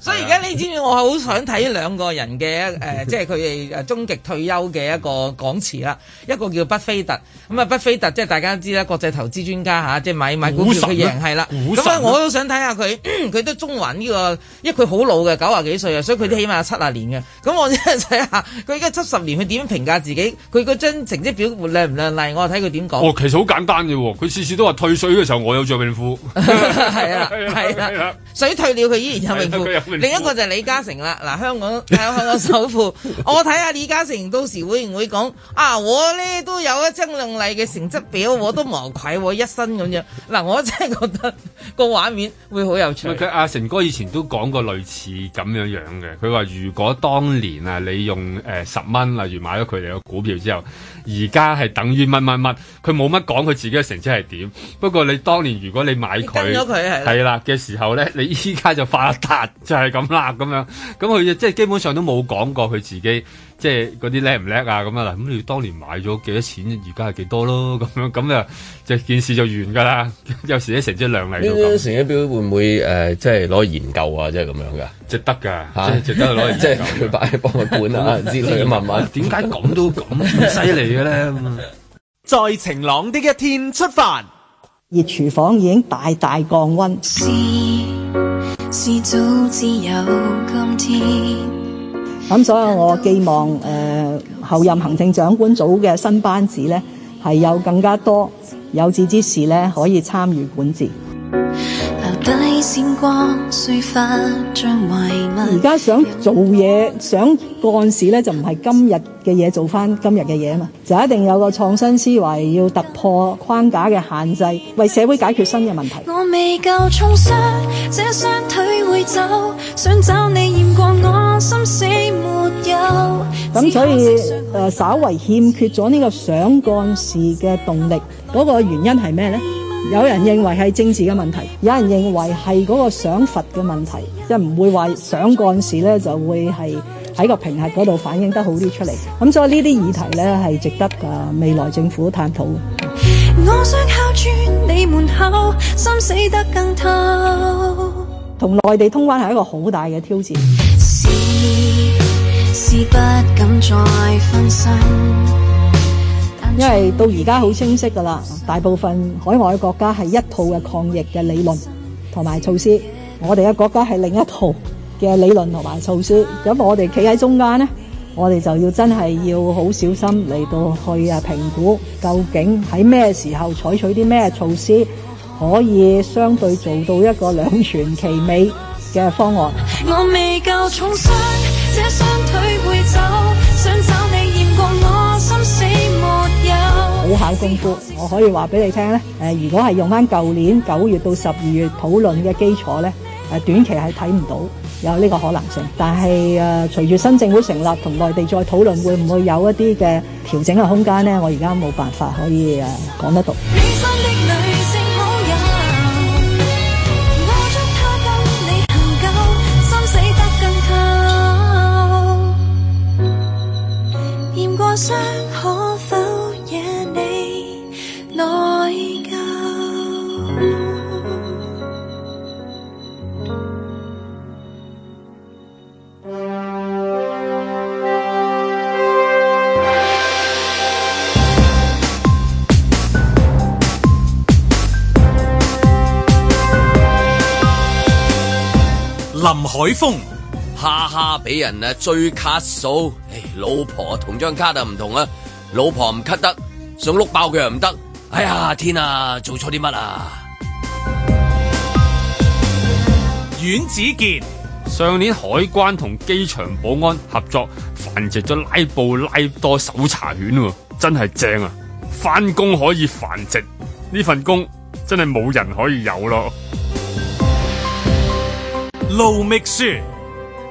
[SPEAKER 2] 所以而家
[SPEAKER 3] 你知唔知？我好想睇兩個人嘅誒，即係佢哋誒終極退休嘅一個講詞啦。一個叫巴菲特，咁啊，巴菲特即係大家知啦，國際投資專家吓，即係買買股票嘅人係啦。咁啊，我都想睇下佢，佢都中環呢、這個，因為佢好老嘅，九啊幾歲啊，所以佢都起碼七啊年嘅。咁我真係睇下佢而家七十年，佢點評價自己？佢嗰張成績表亮唔靚麗？我睇佢點講。哦，其實
[SPEAKER 1] 好簡單嘅，佢次次都話，退水嘅時候我有著泳褲，
[SPEAKER 3] 係啊，係啦、啊啊，水退了佢依然有泳褲。啊、另一個就係李嘉誠啦，嗱 香港、哎，香港首富， 我睇下李嘉誠到時會唔會講啊，我呢都有一張亮麗嘅成績表，我都無愧我一生咁樣。嗱、啊，我真係覺得個畫面會好有趣、嗯。佢、嗯、阿、
[SPEAKER 1] 啊、成哥以前都講過類似咁樣樣嘅，佢話如果當年啊你用誒十蚊例如買咗佢哋嘅股票之後，而家係等於乜？問問，佢冇乜講佢自己嘅成績係點。不過你當年如果你買佢，跟咗佢係係啦嘅時候咧，你依家就發達就係咁啦咁樣。咁佢即係基本上都冇講過佢自己，即係嗰啲叻唔叻啊咁啊嗱。咁你當年買咗幾多錢，而家係幾多咯咁樣咁啊，就件事就完噶啦。有時啲成績量嚟到
[SPEAKER 2] 成績表會唔會誒，即係攞研究啊，即係咁樣噶？值得噶吓，啊、值得攞、啊，即係佢
[SPEAKER 4] 擺喺博物館啊 之類嘅文物。點
[SPEAKER 1] 解咁都咁犀利嘅咧？在晴朗的一天出發，
[SPEAKER 4] 熱廚房已經大大降溫。咁、 嗯、所以我寄望誒、呃、後任行政長官組嘅新班子呢，係有更加多有志之士呢，可以參與管治。而家想做嘢、想幹事咧，就唔係今日嘅嘢做翻今日嘅嘢嘛，就一定有個創新思維，要突破框架嘅限制，為社會解決新嘅問題。我未夠充實，這雙腿會走，想找你驗過我心死沒有？咁所以誒、呃，稍為欠缺咗呢個想幹事嘅動力，嗰、那個原因係咩咧？有人認為係政治嘅問題，有人認為係嗰個想罰嘅問題，即係唔會話想幹事咧，就會係喺個評核嗰度反映得好啲出嚟。咁所以呢啲議題咧，係值得啊未來政府探討。我想靠住你門口，心死得更透。同內地通關係一個好大嘅挑戰。是，是不敢再分身。因為到而家好清晰噶啦，大部分海外嘅國家係一套嘅抗疫嘅理論同埋措施，我哋嘅國家係另一套嘅理論同埋措施。咁我哋企喺中間呢，我哋就要真係要好小心嚟到去啊評估，究竟喺咩時候採取啲咩措施，可以相對做到一個兩全其美嘅方案。
[SPEAKER 2] 我我未夠重傷雙腿會走，想找你驗過我心死亡。
[SPEAKER 4] 好考功夫，我可以話俾你聽咧。誒、呃，如果係用翻舊年九月到十二月討論嘅基礎咧，誒、呃，短期係睇唔到有呢個可能性。但係誒，隨、呃、住新政府成立同內地再討論，會唔會有一啲嘅調整嘅空間呢？我而家冇辦法可以誒講、呃、得到。
[SPEAKER 2] 你林海峰，哈哈，俾人啊追卡數。唉，老婆同張卡就唔同啦，老婆唔咳得，cut，
[SPEAKER 1] 想碌爆佢又唔得，哎呀天啊，做錯啲乜啊？阮子健，上年海關同機場保安合作繁殖咗拉布拉多搜查犬喎，真係正啊！翻工，可以繁殖呢份工，真係冇人可以有咯。
[SPEAKER 3] 盧覓雪，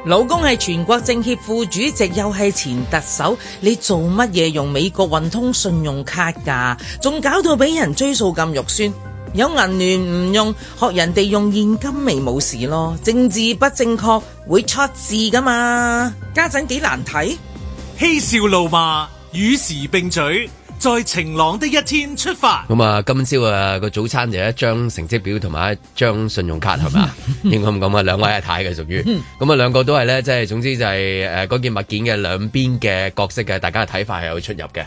[SPEAKER 3] 老公係全國政協副主席，又係前特首，你做乜嘢用美國運通信用卡噶？仲搞到俾人追數咁肉酸，有銀聯唔用，學人哋用現金咪冇事咯？政治不正確會出事噶嘛？家陣幾難睇，嬉笑怒罵與時並舉。在晴
[SPEAKER 2] 朗的一天出發。咁啊，今朝啊，個早餐就係一張成績表同埋一張信用卡係嘛？ 應該唔講啊，兩位阿太嘅屬於。咁啊， 兩個都係咧，即係總之就係誒嗰件物件嘅兩邊嘅角色嘅，大家嘅睇法係有出入嘅。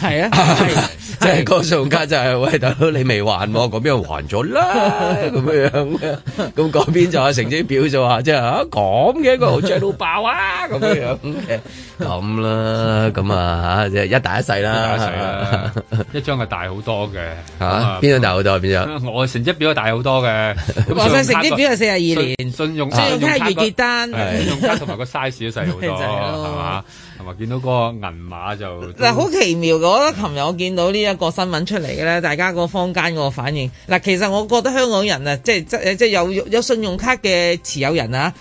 [SPEAKER 2] 係啊，即係個信用卡就係喂，大佬你未還，我嗰邊還咗啦，咁樣樣，咁嗰邊就阿成績表就話，即係吓講嘅，個好似
[SPEAKER 3] 到爆啊，咁樣
[SPEAKER 2] 樣咁啦，咁啊吓，即係一大一細啦，
[SPEAKER 1] 一張係大好多嘅，吓邊張大好多啊？邊張？我成績表大好多嘅，我嘅成績表係四廿二年，信用信用卡月結單，信用卡同埋個 size 都細好多，係嘛？話見到個銀碼就嗱，
[SPEAKER 3] 好奇妙嘅。我覺得琴日我見到呢一個新聞出嚟嘅咧，大家個坊間個反應嗱，其實我覺得香港人啊，即係即係有有信用卡嘅持有人啊。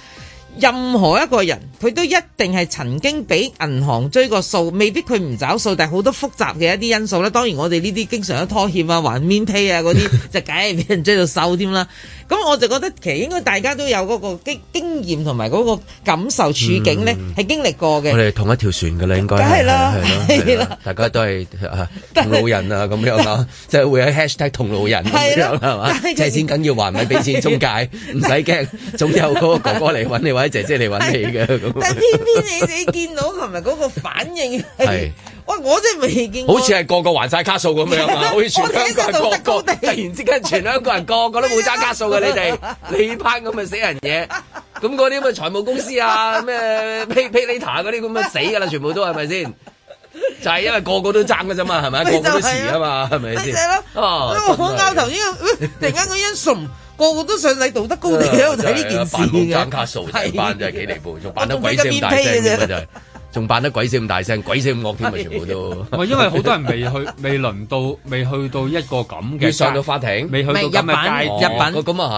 [SPEAKER 3] 任何一個人，佢都一定係曾經俾銀行追過數，未必佢唔找數，但係好多複雜嘅一啲因素咧。當然我哋呢啲經常都拖欠啊、還 min pay 啊嗰啲，就梗係俾人追到瘦添啦。咁我就覺得其實應該大家都有嗰個經經驗同埋嗰個感受處境咧，係經歷過嘅。我哋
[SPEAKER 2] 同一條船㗎啦，應該。梗係啦，係啦，大家都係啊同路人啊咁樣啦，即係會喺 hashtag 同路人咁樣係嘛？借錢緊要還咪俾錢中介，唔使驚，總之有個哥哥嚟揾你揾，姐姐嚟揾你嘅，但
[SPEAKER 3] 係偏偏你哋見到琴日嗰個反應，係，哇！我真係未見過，好似
[SPEAKER 2] 係個個還晒卡數咁樣啊！好似全香港人
[SPEAKER 3] 個個，突然之間全香港人個個都冇揸卡
[SPEAKER 2] 數嘅，你哋！你班咁嘅死人嘢！咁嗰啲咁嘅財務公司啊，咩 pay pay later 嗰啲咁嘅死噶啦，全部都係咪先？就係因為個個都爭嘅啫嘛，係咪？個個都遲啊嘛，係咪先？咪咯，哦，我
[SPEAKER 3] 拗頭，因為突然間嗰一慫。個個都上你道德高地喺度睇呢件事嘅，係真係幾
[SPEAKER 2] 離譜，仲扮得鬼聲咁大聲嘅，
[SPEAKER 1] 係仲扮得鬼死咁大聲，鬼死咁惡
[SPEAKER 2] 添，咪全部都。係
[SPEAKER 1] 因為好多人未去，未輪到，未去到一個咁嘅。要上到法庭，未去到今日咁啊，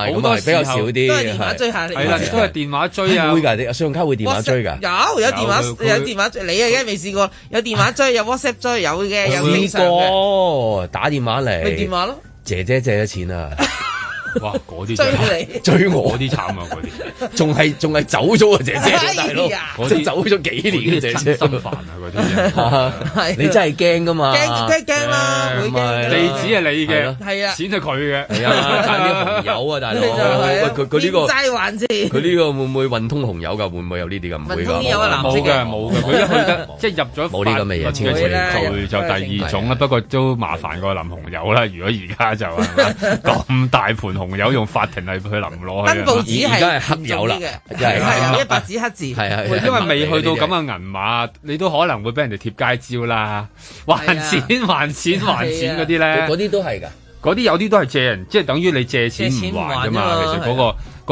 [SPEAKER 1] 係，比較少啲。都係電
[SPEAKER 2] 話追下嚟，係啦，都係
[SPEAKER 1] 電話追啊。會信用卡會電話追㗎，
[SPEAKER 2] 有有電話有電
[SPEAKER 3] 話你啊梗係未試過？有電話追，有 WhatsApp 追，有嘅，有正
[SPEAKER 2] 打電話嚟，電話咯，姐姐借咗錢啊！哇！嗰啲追你追我啲慘啊！嗰啲仲係仲係走咗啊！姐姐，大佬，即係
[SPEAKER 1] 走咗幾年嘅姐姐，心煩啊！嗰
[SPEAKER 2] 啲你真係驚㗎嘛？驚即驚啦，地址利係你嘅，
[SPEAKER 1] 係啊，錢係佢嘅，有啊！大
[SPEAKER 2] 佬，佢佢呢個債還錢，佢呢個會唔會運通紅油㗎？會唔會有呢啲咁？唔會㗎，冇嘅，冇嘅。佢一去得，即
[SPEAKER 1] 係入咗冇呢咁嘅嘢，
[SPEAKER 2] 千祈唔就第二種
[SPEAKER 1] 啦。不過都麻煩過林紅友啦。如果而家就係咁大盤朋友用法庭嚟去臨攞佢，登報紙係黑有啦嘅，係啊，白紙黑字，係啊。因為未去到咁嘅銀碼，你都可能會俾人哋貼街招啦，還錢還錢還錢嗰啲咧，嗰
[SPEAKER 2] 啲都係㗎，
[SPEAKER 1] 嗰啲有啲都係借人，即係等於你借錢唔還㗎嘛。其實嗰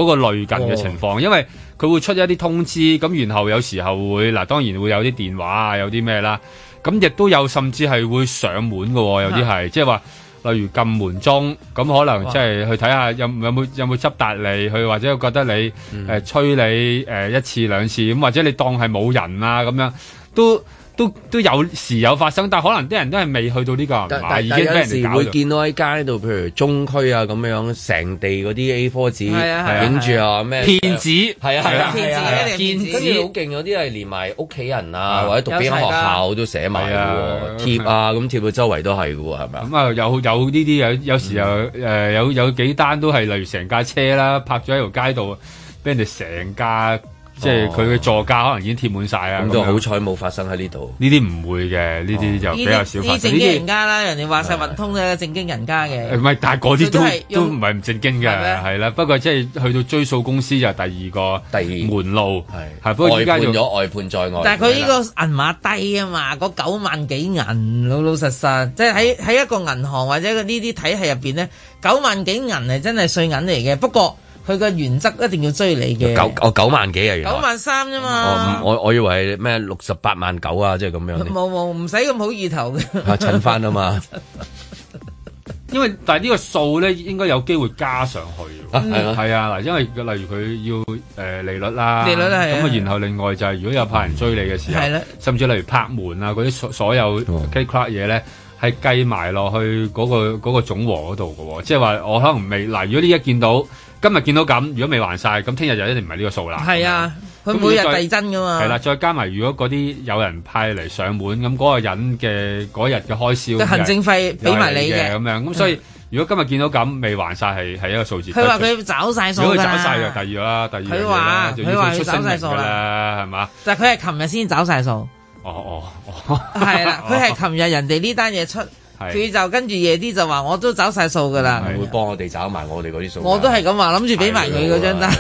[SPEAKER 1] 個類近嘅情況，因為佢會出一啲通知，咁然後有時候會嗱，當然會有啲電話啊，有啲咩啦，咁亦都有甚至係會上門嘅，有啲係即係話。例如撳門鐘，咁可能即係去睇下有有冇有冇執達你，去或者覺得你誒、嗯呃、催你誒一次兩次，咁或者你當係冇人啊咁樣都。都都有時有發生，但係可能啲人都係未去到呢個，但已經有時會
[SPEAKER 2] 見到喺街度，譬如中區啊咁樣，成地嗰啲 A 貨紙，影住啊咩騙
[SPEAKER 1] 子，係啊騙子，騙子，跟住好
[SPEAKER 2] 勁嗰啲係連埋屋企人啊，或者讀緊學校
[SPEAKER 1] 都寫埋貼啊，咁貼到周圍都係嘅喎，係咪啊？咁啊有有呢啲有有時又誒有有幾單都係例如成架車啦，泊咗喺條街度，俾人哋成架。即係佢嘅座架可能已經貼滿晒啊咁啦，好彩冇發生喺呢度。呢啲唔會嘅，呢啲就比較少發生。呢啲正經人
[SPEAKER 3] 家啦，人哋話曬運通嘅正經人家嘅。唔
[SPEAKER 1] 係，但係啲都都唔係唔正經嘅，係啦。不過即係去到追數公司就第二個，第二門路係係，不過依家用咗外判在
[SPEAKER 2] 外。但係佢呢個
[SPEAKER 3] 銀碼低啊嘛，嗰九萬幾銀老老實實，即係喺喺一個銀行或者呢啲體系入邊咧，九萬幾銀係真係碎銀嚟嘅。不過佢個原則一定要追你嘅
[SPEAKER 2] 九哦，九萬幾啊？九萬
[SPEAKER 3] 三啫嘛。哦、
[SPEAKER 2] 我我，我以為係咩六十八萬九啊，即係咁樣
[SPEAKER 3] 冇冇唔使咁好意頭嘅
[SPEAKER 2] 啊，趁翻啊
[SPEAKER 1] 嘛。 因為但係呢個數咧應該有機會加上去嘅，係啊，嗱、嗯啊啊，因為例如佢要誒、呃、利率啦，咁啊，然後另外就係、是、如果有派人追你嘅時候，嗯啊、甚至例如拍門啊，嗰啲所有 k e 嘢咧係計埋落去嗰、嗰個嗰、嗰個嗰個、總和嗰度嘅喎，即係話我可能未嗱，如果呢一,一見到。今日見到咁，如果未還晒，咁聽日就一定唔係呢個數啦。係
[SPEAKER 3] 啊，佢每日遞增㗎嘛。係啦，
[SPEAKER 1] 再加埋如果嗰啲有人派嚟上門，咁嗰個人嘅嗰日嘅開銷行政費俾埋你嘅咁樣。咁所以如果今日見到咁未還晒，係係一個數字。佢話佢
[SPEAKER 3] 找晒數。如果佢找晒就第
[SPEAKER 1] 二啦，第二。佢話佢話佢找晒數啦，係嘛？
[SPEAKER 3] 但係佢係琴日先找晒數。哦哦哦，係啦，佢係琴日人哋呢單嘢出。佢就跟住夜啲就話，我都找曬數噶啦。會幫我哋找埋我哋嗰啲數。我都係咁話，諗住俾埋佢嗰張單。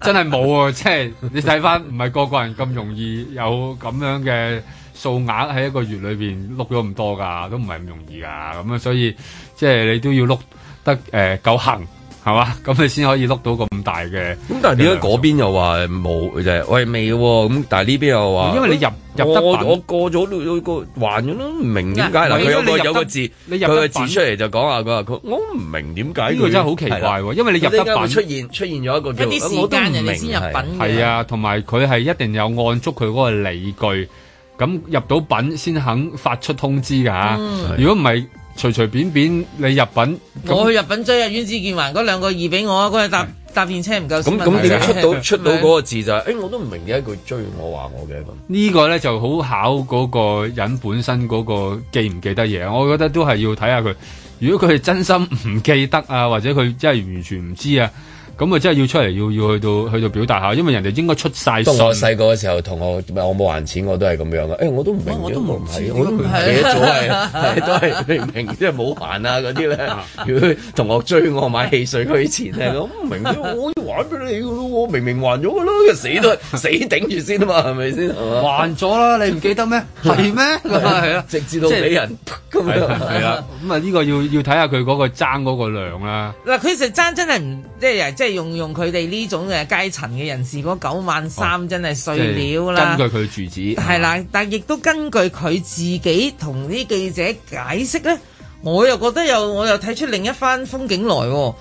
[SPEAKER 1] 真係冇啊，即係你睇翻，唔係個個人咁容易有咁樣嘅數額喺一個月裏邊碌咗咁多㗎，都唔係咁容易㗎。咁啊，所以即係你都要碌得誒夠行，係嘛？咁你先可以碌到咁大嘅。咁但係點解嗰邊又話冇嘅啫？喂，未喎。咁但係呢邊又話，因為你入入得品，我
[SPEAKER 2] 過咗有個環境都唔
[SPEAKER 1] 明點解嗱。佢有有有個字，佢個字出嚟就講下佢話佢我唔明點解。呢個真係好奇怪喎，因為你入得品出
[SPEAKER 2] 現出現咗一個叫一啲時間人哋先入品。係啊，
[SPEAKER 1] 同埋佢係一定有按足佢嗰個理據，咁入到品先肯發出通知噶。如果唔係。隨隨便便你入品，我去
[SPEAKER 3] 入品追阿阮子健還嗰兩個二俾我，嗰日搭搭電車唔夠。咁咁點出到的出到嗰個字就係、是，誒的、哎，我
[SPEAKER 1] 都唔明嘅一句追我話我嘅咁。個呢個咧就好考嗰個人本身嗰個記唔記得嘢，我覺得都係要睇下佢。如果佢係真心唔記得啊，或者佢真係完全唔知啊。.咁啊，真係要出嚟，要要去到去到表達下，因為人哋應該出晒。所我細
[SPEAKER 2] 個嘅時候，同我我冇還錢，我都係咁樣嘅。誒，我都唔明。我都唔係，我都唔記得咗。係都係明明，即係冇還啊嗰啲咧。同學追我買汽水，佢錢咧，我唔明，我還俾你嘅咯，我明明還咗嘅咯，死都
[SPEAKER 1] 死頂住先啊嘛，係咪先？還咗啦，你唔記得咩？係咩？係啊，直至到俾人。
[SPEAKER 2] 係啊，咁
[SPEAKER 1] 啊，呢個要要睇下佢嗰個爭嗰個量啦。
[SPEAKER 3] 嗱，佢實爭真係唔即係即。用用佢哋呢種嘅階層嘅人士，嗰九萬三真係碎料啦。根據佢
[SPEAKER 1] 住址係啦，
[SPEAKER 3] 吧但亦都根據佢自己同啲記者解釋呢，我又覺得又我又睇出另一番風景來。咁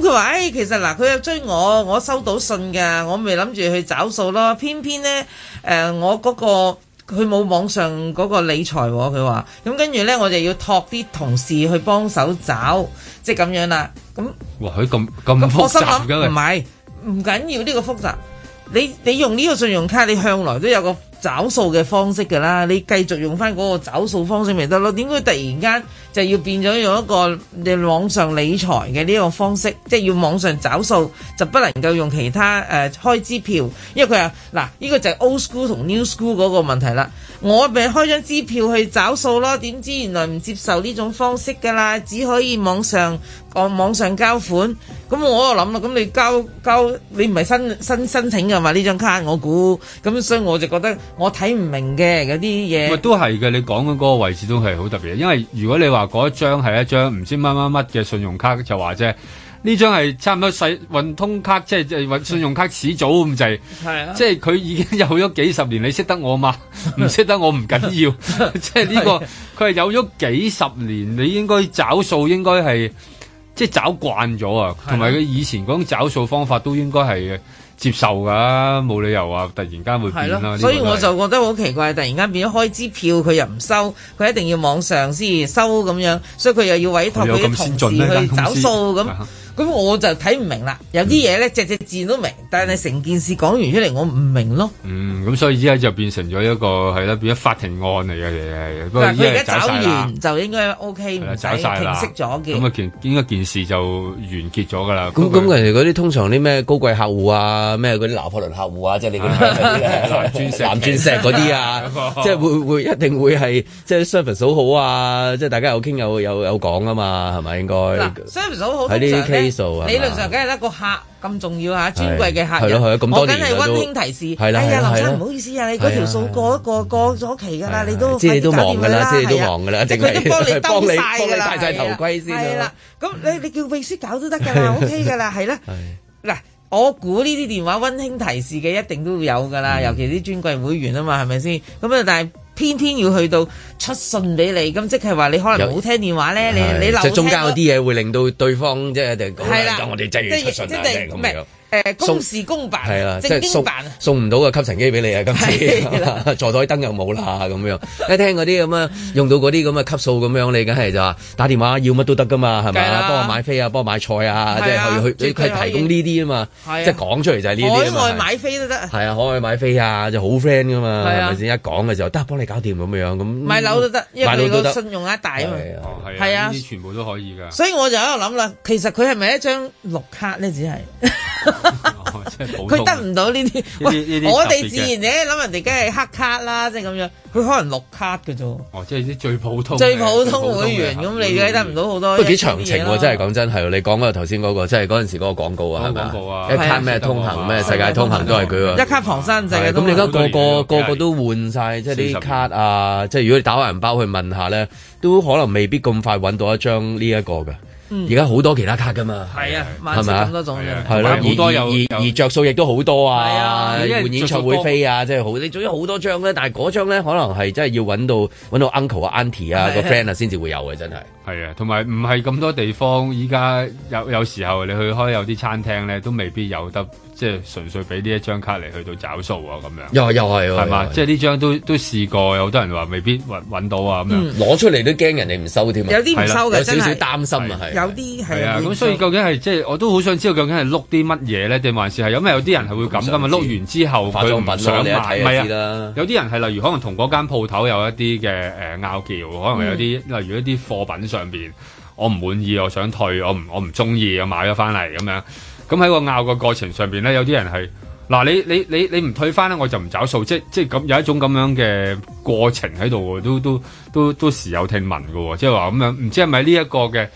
[SPEAKER 3] 佢話：唉、嗯哎，其實嗱，佢又追我，我收到信㗎，我咪諗住去找數咯。偏偏呢，誒、呃，我嗰、嗰個。佢冇網上嗰個理財喎、啊，佢話咁跟住呢，我就要託啲同事去幫手找，即係咁樣啦。咁、嗯、
[SPEAKER 1] 哇，佢咁咁複雜唔、啊、你係
[SPEAKER 3] 唔緊要呢個複雜，你你用呢個信用卡，你向來都有個找數嘅方式㗎啦，你繼續用翻嗰個找數方式咪得咯？點解突然間？就要變咗用一個你網上理財嘅呢個方式，即係要網上找數，就不能夠用其他誒、呃、開支票，因為佢話嗱，呢、這個就係 old school 同 new school 嗰個問題啦。我咪開張支票去找數咯，點知原來唔接受呢種方式㗎啦，只可以網上網、呃、網上交款。咁我就諗啦，咁你交交你唔係新新，新申請㗎嘛？呢張卡我估，咁所以我就覺得我睇唔明嘅嗰啲嘢。
[SPEAKER 1] 都係嘅，你講嘅嗰個位置都係好特別，因為如果你話。嗰一張係一張唔知乜乜乜嘅信用卡就話啫，呢張係差唔多使運通卡，即係運信用卡始祖咁滯，係、就、啊、係，即係佢已經有咗幾十年，你識得我嘛？唔 識得我唔緊要，即係呢個佢係有咗幾十年，你應該找數應該係，即係找慣咗啊，同埋佢以前嗰種找數方法都應該係。接受㗎，冇理由話突然間會變咯。的所以我就
[SPEAKER 3] 覺得好奇怪，突然間變咗開支票，佢又唔收，佢一定要網上先收咁樣，所以佢又要委託佢嘅同事去找數咁。司樣 咁我就睇唔明啦，有啲嘢咧隻隻字都明，但係成件事講完出嚟我唔明咯。嗯，
[SPEAKER 1] 咁所以而家就變成咗一個係啦，變咗法庭案嚟嘅嘢。嗱，佢而
[SPEAKER 3] 家走完就應該 OK，唔使停咗咁
[SPEAKER 1] 件，應該件事就完
[SPEAKER 2] 結咗㗎啦。咁咁佢嗰啲通常啲咩高貴客戶啊，咩嗰啲拿破崙客戶啊，即係你
[SPEAKER 3] 啲藍鑽石嗰啲啊，即係
[SPEAKER 2] 會會一定會係即係 service 好啊，即係大家有傾有有有講啊嘛，係咪應該
[SPEAKER 3] ？service 好理論上梗係得個客咁重要吓，尊貴嘅客人，我梗係溫馨提示，哎呀林生唔好意思啊，你嗰條數過一過過咗期噶啦，你都即係都忙噶啦，即係都忙噶啦，即係佢都幫你兜晒頭盔噶啦，係啦，咁你你叫秘書搞都得噶啦，OK 噶啦，係啦，嗱，我估呢啲電話溫馨提示嘅一定都會有噶啦，尤其啲尊貴會員啊嘛，係咪先？咁啊，但係。偏偏要去到出信俾你，咁即係話你可能冇好聽電話咧，你你即係中間嗰
[SPEAKER 2] 啲嘢會令到對方即係就的我哋真係出信即係咁樣。是是
[SPEAKER 3] 誒，公事公
[SPEAKER 2] 辦係啦，即係送送唔到嘅吸塵機俾你啊！今次，坐台燈又冇啦，咁樣一聽嗰啲咁啊，用到嗰啲咁嘅級數咁樣，你梗係就話打電話要乜都得噶嘛，係咪？幫我買飛啊，幫我買菜啊，即係去去，提供呢啲啊嘛，即係講出嚟就係呢啲。海外買
[SPEAKER 3] 飛都得。係
[SPEAKER 2] 啊，海外買飛啊，就好 friend 噶嘛，係咪先？一講嘅時候，得幫你搞掂咁樣樣咁。買樓都得，因為你個信
[SPEAKER 3] 用額大啊嘛。哦，啊，係啊，
[SPEAKER 1] 全部都可以
[SPEAKER 2] 噶。所以
[SPEAKER 3] 我就喺度諗啦，其實佢係咪一張綠卡咧？只係。佢得唔到呢啲？我哋自然咧諗人哋梗係黑卡啦，即係咁樣。佢可能綠卡嘅啫。
[SPEAKER 1] 哦，即係啲最
[SPEAKER 2] 普通、最普通會員咁，你得唔到
[SPEAKER 3] 好多。都幾長情喎，真係
[SPEAKER 2] 講真係。你講嗰個頭先嗰個，即係嗰陣時嗰個廣告啊，係嘛？一卡咩通行咩世界通行都係佢個。一卡
[SPEAKER 3] 傍身世界。咁你而家個個個個
[SPEAKER 2] 都換晒，即係啲卡啊！即係如果你打開銀包去問下咧，都可能未必咁快搵到一張呢一個嘅。而家好多其他卡㗎嘛，係啊，係咪啊，咁多種嘅，係好多而而着數亦都好多啊，啊，換演唱會飛啊，即係好，你總之好多張咧，但係嗰張咧可能係真係要揾到揾到 uncle 啊、auntie
[SPEAKER 1] 啊、個 friend 啊先至會有嘅，真係。係啊，同埋唔係咁多地方，依家有有時候你去開有啲餐廳咧，都未必有得。即係純粹俾呢一張卡嚟去到找數啊咁樣，又又係，係嘛？即係呢張都都試過，有好多人話未必揾到啊咁樣。攞出嚟都驚人哋唔收添，有啲唔收嘅有少少擔心啊，
[SPEAKER 3] 有啲係啊，咁
[SPEAKER 1] 所以究竟係即係我都好想知道究竟係碌啲乜嘢咧，定還是係有咩有啲人係會咁嘅嘛？碌完之後佢唔想買，唔係啊，有啲人係例如可能同嗰間鋪頭有一啲嘅誒拗撬，可能有啲例如一啲貨品上邊我唔滿意，我想退，我唔我唔中意，我買咗翻嚟咁樣。咁喺個拗嘅過程上邊咧，有啲人係嗱，你你你你唔退翻咧，我就唔找數，即係，即係，咁有一種咁樣嘅過程喺度喎，都都都都時有聽聞㗎喎，即係話咁樣，唔知係咪呢一個嘅。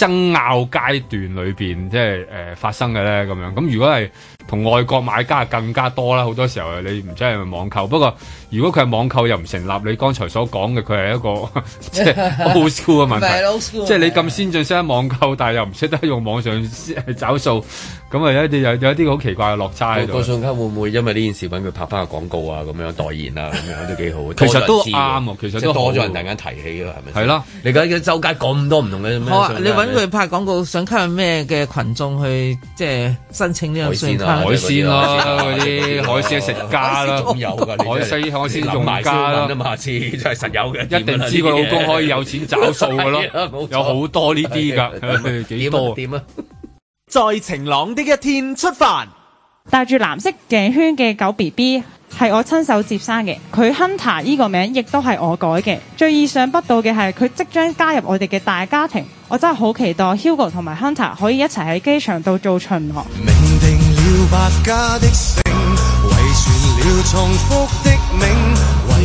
[SPEAKER 1] 爭拗階段裏邊，即係誒、呃、發生嘅咧咁樣。咁如果係同外國買家更加多啦，好多時候你唔知係咪網購。不過如果佢係網購又唔成立，你剛才所講嘅佢係一個即係 old school 嘅問題， 不即係你咁先進識得網購，但係又唔識得用網上找數，咁啊有啲有有啲好奇怪嘅落差喺度、啊。個信用卡會唔會因為呢件事揾佢拍翻個廣告啊？咁樣代言啊？咁樣都幾好，
[SPEAKER 2] 其實都啱，其實都多咗人突然
[SPEAKER 1] 間提起咯，
[SPEAKER 2] 係咪？係咯，你睇周街咁多唔同嘅咩？佢
[SPEAKER 3] 拍廣告想吸引咩嘅群眾去即係申請呢個信用卡海鮮啦，嗰啲海鮮
[SPEAKER 1] 食家啦，咁有噶？
[SPEAKER 3] 海鮮海鮮仲賣家啦
[SPEAKER 1] 嘛？下次真係實有嘅，
[SPEAKER 3] 一定知個老公
[SPEAKER 2] 可以
[SPEAKER 1] 有錢
[SPEAKER 3] 找數噶咯，
[SPEAKER 2] 有好多呢啲㗎，幾多點啊？
[SPEAKER 3] 在晴朗的一天出發，
[SPEAKER 4] 戴住藍色鏡圈嘅狗 B B。係我親手接生嘅，佢 Hunter 呢個名亦都係我改嘅。最意想不到嘅係佢即將加入我哋嘅大家庭，我真係好期待 Hugo 同埋 Hunter 可以一齊喺機場度做巡學。明定了百家的
[SPEAKER 2] 姓，遺傳了重複
[SPEAKER 4] 的命。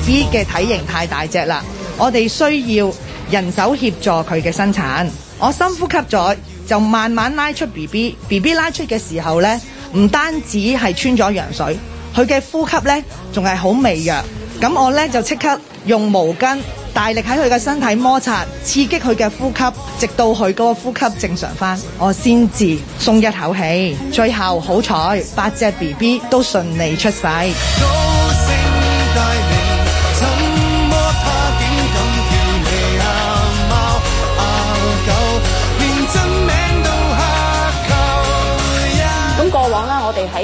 [SPEAKER 4] B B 嘅體型太大隻啦，我哋需要人手協助佢嘅生產。我深呼吸咗，就慢慢拉出 B B。B B 拉出嘅時候咧，唔單止係穿咗羊水。佢嘅呼吸呢，仲係好微弱，咁我呢就即刻用毛巾大力喺佢嘅身體摩擦，刺激佢嘅呼吸，直到佢嗰個呼吸正常翻，我先至鬆一口氣，最後好彩，八隻 BB 都順利出世。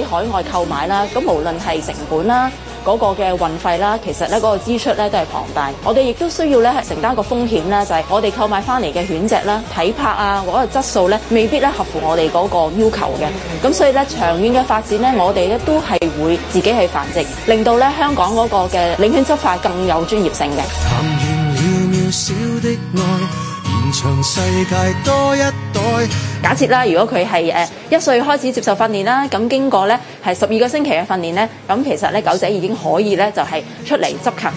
[SPEAKER 4] 海外購買啦，咁無論係成本啦，嗰、那個嘅運費啦，其實咧嗰、那個支出咧都係龐大。我哋亦都需要咧係承擔一個風險啦，就係、是、我哋購買翻嚟嘅犬隻啦、體魄啊、嗰、那個質素咧，未必咧合乎我哋嗰個要求嘅。咁所以咧，長遠嘅發展咧，我哋咧都係會自己去繁殖，令到咧香港嗰個嘅領犬執法更有專業性嘅。
[SPEAKER 1] 完渺小的世界多
[SPEAKER 4] 一代假設啦，如果佢係誒一歲開始接受訓練啦，咁經過咧係十二個星期嘅訓練咧，咁其實咧狗仔已經可以咧就係出嚟執
[SPEAKER 1] 勤。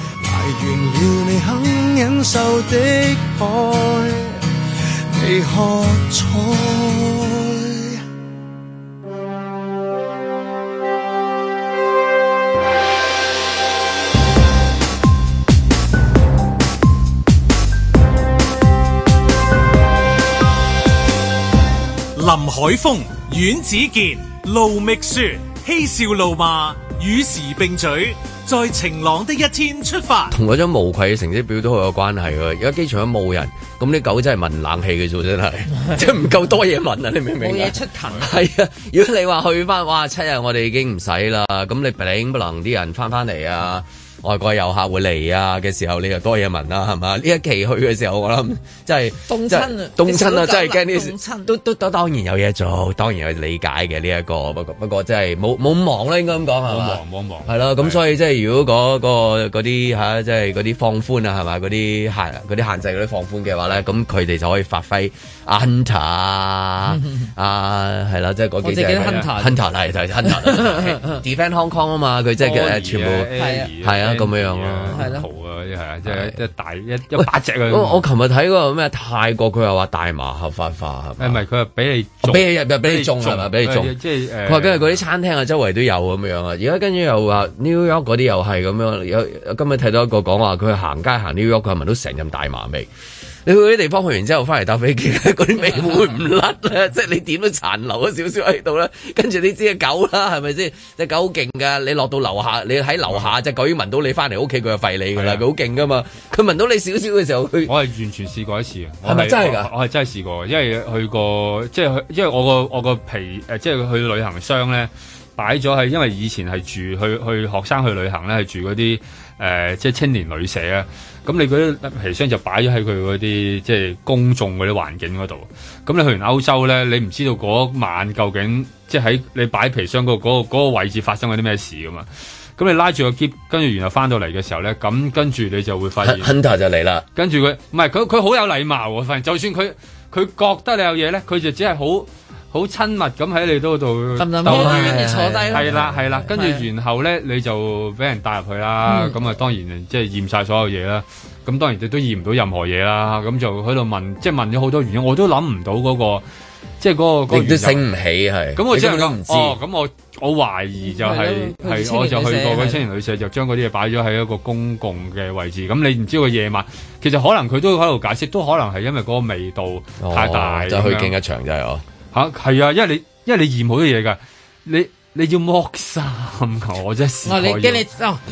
[SPEAKER 1] 林海峰、阮子健、盧覓雪嬉笑怒罵，與時並
[SPEAKER 2] 舉，在晴朗的一天出發。同嗰張無愧嘅成績表都好有關係嘅。而家機場都冇人，咁啲狗真係聞冷氣嘅啫， 真係，即係唔夠多嘢聞啊！你明唔明？冇嘢出勤係啊！如果你話去翻，哇，七日我哋已經唔使啦。咁你丙不能啲人翻翻嚟啊！外國遊客會嚟啊嘅時候你、啊，你又多嘢問啦，係嘛？呢一期去嘅時候，我諗即係凍親啊，凍親啊，真係驚啲都都都當然有嘢做，當然有理解嘅呢一個。不過不過、就係，真係冇冇咁忙啦，應該咁講係嘛？冇忙冇忙。係咯，咁所以即、就、係、係、如果嗰啲嚇，即係嗰啲放寬啊，係咪？嗰啲限啲限制嗰啲放寬嘅話咧，咁佢哋就可以發揮。hunter 啊，啊係啦，即係嗰幾隻 h u n hunter，defend Hong Kong 啊嘛，佢即係全部係啊咁樣樣咯，係咯，好啊，啲係即係大一一百隻我我琴日睇嗰個咩泰國，佢又話大麻合法化，係咪？係佢話俾你，俾你入入俾你種俾你種，即係佢話因為嗰啲餐廳啊周圍都有咁樣啊。而家跟住又話 New York 嗰啲又係咁樣，有今日睇到一個講話佢行街行 New York 佢係咪都成任大麻味。你去嗰啲地方去完之後，翻嚟搭飛機，嗰啲味會唔甩咧？ 即係你點都殘留咗少少喺度啦。跟住你知啊狗啦，係咪先？隻狗好勁噶，你落到樓下，你喺樓下隻狗已經聞到你翻嚟屋企，佢就吠你噶啦。佢好勁噶嘛，佢聞到你少少嘅時候，佢我係
[SPEAKER 1] 完全試過一次啊！係咪真係噶？我係真係試過，因為去過即係去，因為我個我個皮誒、呃，即係去旅行箱咧擺咗係，因為以前係住去去學生去旅行咧，係住嗰啲誒，即係青年旅社啊。咁你嗰啲皮箱就擺咗喺佢嗰啲即係公眾嗰啲環境嗰度。咁你去完歐洲咧，你唔知道嗰晚究竟即係喺你擺皮箱嗰、嗰個嗰個位置發生咗啲咩事噶嘛？咁你拉住個篋跟住然後翻到嚟嘅時候咧，咁跟住你就會發現 Hunter 就嚟啦。跟住佢唔係，佢佢好有禮貌喎、啊，反正就算佢佢覺得你有嘢咧，佢就只係好。好親密咁喺你度，度，到邊邊坐低啦？係啦，係啦，跟住然後咧，你就俾人帶入去啦。咁啊，當然即係驗晒所有嘢啦。咁當然亦都驗唔到任何嘢啦。咁就喺度問，即係問咗好多原因，我都諗唔到嗰個，即係嗰個嗰個。你都醒唔起係？咁我真係咁哦。咁我我懷疑就係係，我就去過嗰青年旅社，就將嗰啲嘢擺咗喺一個公共嘅位置。咁你唔知個夜晚，其實可能佢都喺度解釋，都可能係因為嗰個味道太大。就去傾一場就係哦。吓，係啊，啊，因為你因為你驗好多嘢㗎，你。你要剝衫， 我真係、啊，我你驚你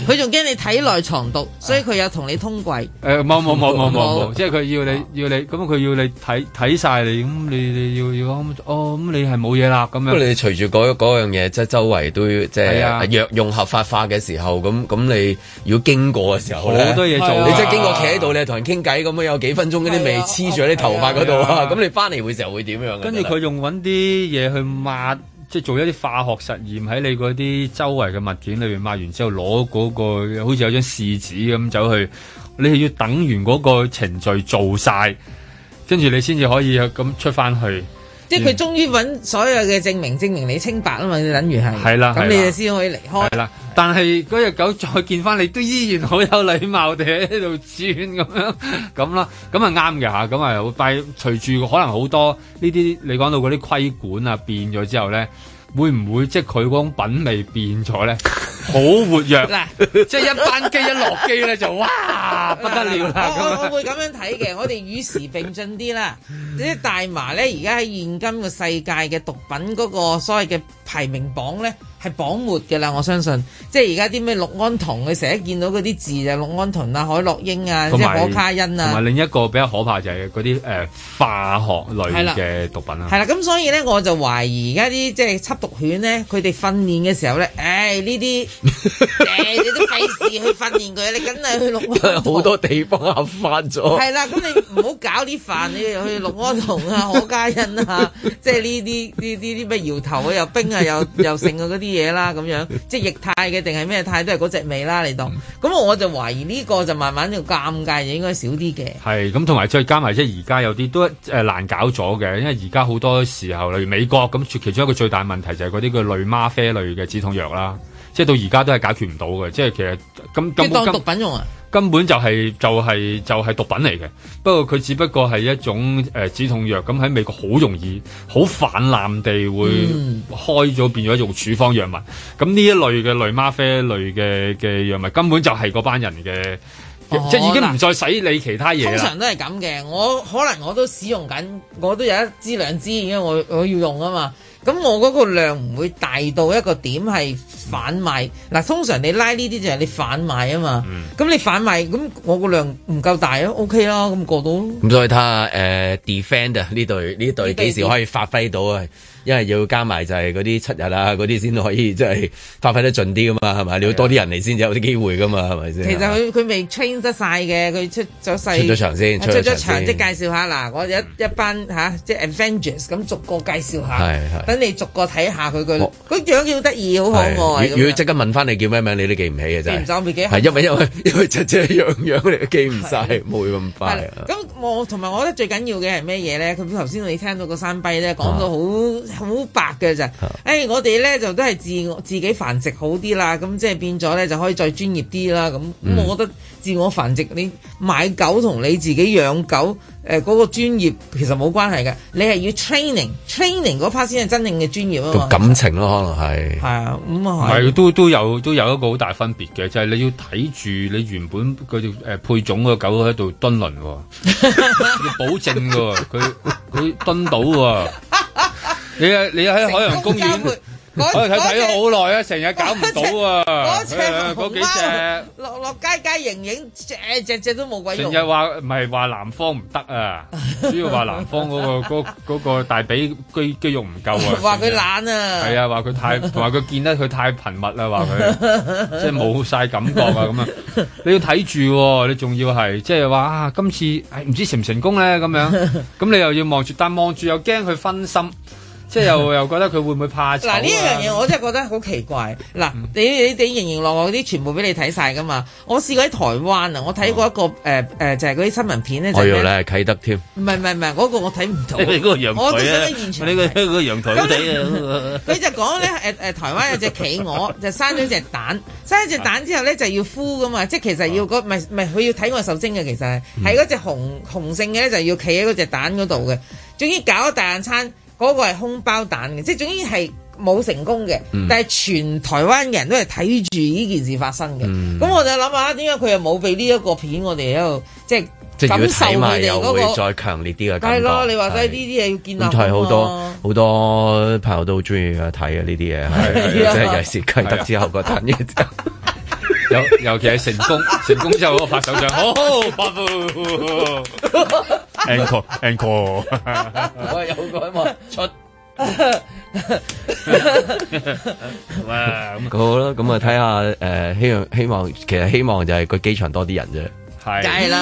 [SPEAKER 3] 佢仲驚你體內藏毒，所以佢有同你通櫃。誒、呃，
[SPEAKER 1] 冇冇冇冇冇冇， 即係佢要你、啊、要你咁，佢要你睇睇曬你，咁你、嗯、你要要、嗯、哦，咁、嗯、你係冇嘢啦咁樣。你隨住
[SPEAKER 2] 嗰樣嘢，即係周圍都即係、啊啊、藥用合法化嘅時候，咁咁你要經過嘅時候好多嘢做、啊你。你即係經過企喺度，你同人傾偈，咁樣有幾
[SPEAKER 1] 分鐘嗰啲味黐住喺頭髮嗰度啊！咁、啊、你翻嚟會時候會點樣？跟住佢用揾啲嘢去抹。即係做一啲化學實驗，喺你嗰啲周圍嘅物件裏邊抹完之後攞嗰個好似有張試紙咁走去，你係要等完嗰個程序做晒，跟住你先至可以咁出翻去。
[SPEAKER 3] 即係佢終於揾所有嘅證明，證明你清白啊嘛！你等於係，咁的你就先可以離開。
[SPEAKER 1] 但係嗰隻狗再見返你，都依然好有禮貌地喺度轉咁樣咁啦，咁係啱嘅吓。咁啊，但係隨住可能好多呢啲你講到嗰啲規管啊變咗之後咧，會唔會即係佢嗰種品味變咗咧？好活躍嗱，即係、就是、一班機一落機咧就哇
[SPEAKER 3] 不得了啦！我我會咁樣睇嘅，我哋與時並進啲啦。啲 大麻咧，而家喺現今嘅世界嘅毒品嗰個所謂嘅。提名榜咧係榜末嘅啦，我相信。即係而家啲咩氯胺酮，佢成日見到嗰啲字就氯胺酮啊、海洛英啊、有即係可卡因啊。同埋
[SPEAKER 1] 另一個比較可怕就係嗰啲誒化學類嘅毒品啊。係啦了，咁
[SPEAKER 3] 所以咧我就懷疑而家啲即係緝毒犬咧，佢哋訓練嘅時候咧，誒呢啲誒你都費事去訓練佢，你梗係去氯胺酮好多地方合法咗。係 啦，咁你唔好搞啲飯，你去氯胺酮啊、可卡因啊， 即係呢啲呢啲啲咩搖頭啊、又冰啊。 又又剩嘅嗰啲嘢啦，咁樣即係液態嘅定係咩態都係嗰隻味啦嚟到，咁 我就懷疑呢個就慢慢就尷尬嘅，就應該少啲嘅。
[SPEAKER 1] 係咁，同埋再加埋即係而家有啲都誒、呃、難搞咗嘅，因為而家好多時候，例如美國咁，其中一個最大問題就係嗰啲叫類嗎啡類嘅止痛藥啦。即係到而家都係解決唔到嘅，即係其實咁咁根，根，當毒品用啊，根本就係、是、就係、是、就係、是、毒品嚟嘅。不過佢只不過係一種誒止痛藥，咁喺美國好容易好泛濫地會開咗變咗一種處方藥物。咁呢、嗯、一類嘅類嗎啡類嘅嘅藥物根本就係嗰班人嘅，哦、即係已經唔再使理其他嘢、哦。通常
[SPEAKER 3] 都係咁嘅，我可能我都使用緊，我都有一支兩支，因為我我要用啊嘛。咁我嗰個量唔會大到一個點係反賣嗱，嗯、通常你拉呢啲就係你反賣啊嘛，咁、嗯、你反賣咁我個量唔夠大啊，OK 啦，咁過到。
[SPEAKER 2] 咁、嗯、所以睇下誒 Defender 呢隊呢隊幾時可以發揮到啊？因為要加埋就係嗰啲七日啊嗰啲先可以即係發揮得盡啲噶嘛係咪？你要多啲人嚟先有啲機會噶嘛係咪先？其實佢
[SPEAKER 3] 佢未 change 得晒嘅，佢出咗細。出咗場先，出咗場即介紹下嗱，我一一班嚇即係 Avengers 咁逐個介紹下，等你逐個睇下佢個佢樣要得意好可愛。如果即
[SPEAKER 2] 刻問翻你叫咩名，你都記唔起嘅真係。記唔因為因為因為只隻樣樣你都記唔晒，冇咁快。咁
[SPEAKER 3] 我同埋我覺得最緊要嘅係咩嘢咧？佢頭先你聽到個山逼咧講到好。好白嘅就，誒、哎，我哋咧就都係自我自己繁殖好啲啦，咁、嗯、即係變咗咧就可以再專業啲啦。咁、嗯、咁，我覺得自我繁殖你買狗同你自己養狗誒嗰、呃那個專業其實冇關係嘅，你係要 training，training 嗰 part 先係真正嘅專業咯。
[SPEAKER 1] 感情咯，可能係係啊，咁、嗯、啊，係都都有都有一個好大分別嘅，就係、是、你要睇住你原本佢誒配種嘅狗喺度蹲輪，
[SPEAKER 3] 要
[SPEAKER 1] 保證嘅佢佢蹲到。 你啊，你喺海洋公園，我睇睇咗好耐啊，成日搞唔到啊，嗰幾隻
[SPEAKER 3] 落落街街盈盈，只只只都冇鬼用。成日
[SPEAKER 1] 話唔係話南方唔得啊，主要話南方嗰個個大髀肌肌肉唔夠啊。話
[SPEAKER 3] 佢懶啊，係
[SPEAKER 1] 啊，話佢太同埋佢見得佢太頻密啦，話佢即係冇晒感覺啊咁啊。你要睇住，你仲要係即係話今次唔知成唔成功咧咁樣，咁你又要望住，但望住又驚佢分心。即係又又覺
[SPEAKER 3] 得佢會唔會怕醜啊？嗱呢一樣嘢，我真係覺得好奇怪。嗱，你你你形形色色嗰啲全部俾你睇晒㗎嘛？我試過喺台灣啊，我睇過一個誒誒，就係嗰啲新聞片咧，就咩？
[SPEAKER 2] 係啟德添。
[SPEAKER 3] 唔係唔係唔係，嗰個我睇唔到。你嗰個陽台啊？呢個
[SPEAKER 2] 呢個陽
[SPEAKER 4] 台佢就
[SPEAKER 3] 講咧誒誒，台灣有隻企鵝就生咗隻蛋，生咗隻蛋之後咧就要孵㗎嘛。即係其實要嗰唔係唔係佢要體外受精嘅其實係。喺嗰隻雄雄性嘅咧就要企喺嗰隻蛋嗰度嘅。總之搞一大餐。嗰個係空包蛋嘅，即係總之係冇成功嘅。但係全台灣人都係睇住呢件事發生嘅。咁我就諗下，點解佢又冇畀呢一個片，我哋喺度即係感受佢哋嗰個再
[SPEAKER 2] 強烈啲嘅感覺。係咯，你話齋
[SPEAKER 3] 呢啲嘢要建立啊，好多
[SPEAKER 2] 好多朋友都好中意睇嘅呢啲嘢，係即係有時睇得之後覺得。
[SPEAKER 1] 尤其係成功，成功之後嗰個拍手掌，哦、好，歡呼，Encore，Encore，
[SPEAKER 2] 我有個人話出，咁好啦。咁啊睇下，誒、呃，希望希望，其實希望就係個機場多啲人啫，係，梗係啦，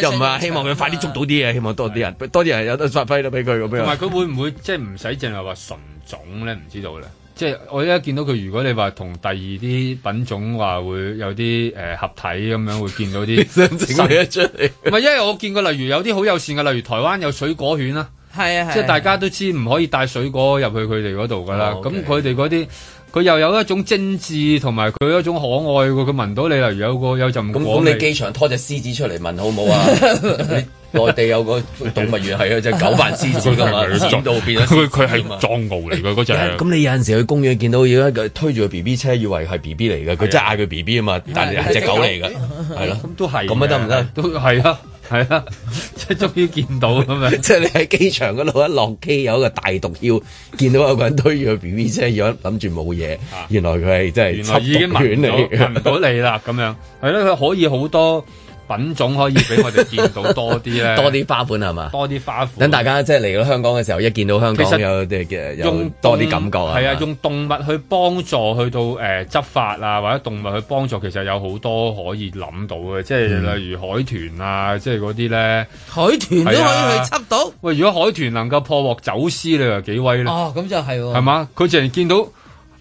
[SPEAKER 2] 又唔係希望佢快啲
[SPEAKER 1] 捉到啲嘢，希望多啲人，的多啲人有得發揮咯，俾佢，同埋佢會唔會 即係唔使淨係話純種咧，唔知道啦。即係我依家見到佢。如果你話同第二啲品種話會有啲誒、呃、合體咁樣，會見到啲新嘢出嚟。唔係， 因為我見過，例如有啲好友善嘅，例如台灣有水果犬啦，
[SPEAKER 3] 係啊，啊即係大
[SPEAKER 1] 家都知唔可以帶水果入去佢哋嗰度㗎啦。咁佢哋嗰啲，佢、okay. 又有一種精緻同埋佢一種可愛喎。佢聞到你，例如有個有陣果味。咁你機
[SPEAKER 2] 場拖隻獅子出嚟聞好唔好啊？
[SPEAKER 1] 內地有個動物園係啊，隻狗扮獅子噶嘛，見到變佢佢係藏獒嚟嘅嗰隻。咁你
[SPEAKER 2] 有陣時去公園見到要推住個 B B 車，以為係 B B 嚟嘅，佢真係嗌佢 B B 啊嘛，但係隻狗嚟嘅，係咯。
[SPEAKER 1] 咁都係咁啊？得唔得？都係啊，係啊，
[SPEAKER 2] 即係終於見到咁樣！即係你喺機場嗰度一落機，有一個大毒梟，見到有個人推住個 B B 車，如果諗住冇嘢，原來佢係真係已經聞到聞到
[SPEAKER 1] 你啦，咁樣係咯，佢可以好多。品種可以俾我哋見到多啲咧，
[SPEAKER 2] 多啲花款係嘛？多啲花款，花款等大家即係嚟到香港嘅時候，一見到香港實有啲嘅多啲感覺。係動吧啊，
[SPEAKER 1] 用動物去幫助去到誒、呃、執法啊，或者動物去幫助，其實有好多可以諗到嘅，即係例如海豚啊，嗯、即係嗰啲咧。
[SPEAKER 3] 海豚都可以去執
[SPEAKER 1] 到、啊。喂，如果海豚能夠破獲走私，你又幾威咧、啊？
[SPEAKER 3] 哦、啊，咁就係喎、啊。係
[SPEAKER 1] 嘛？佢淨係見到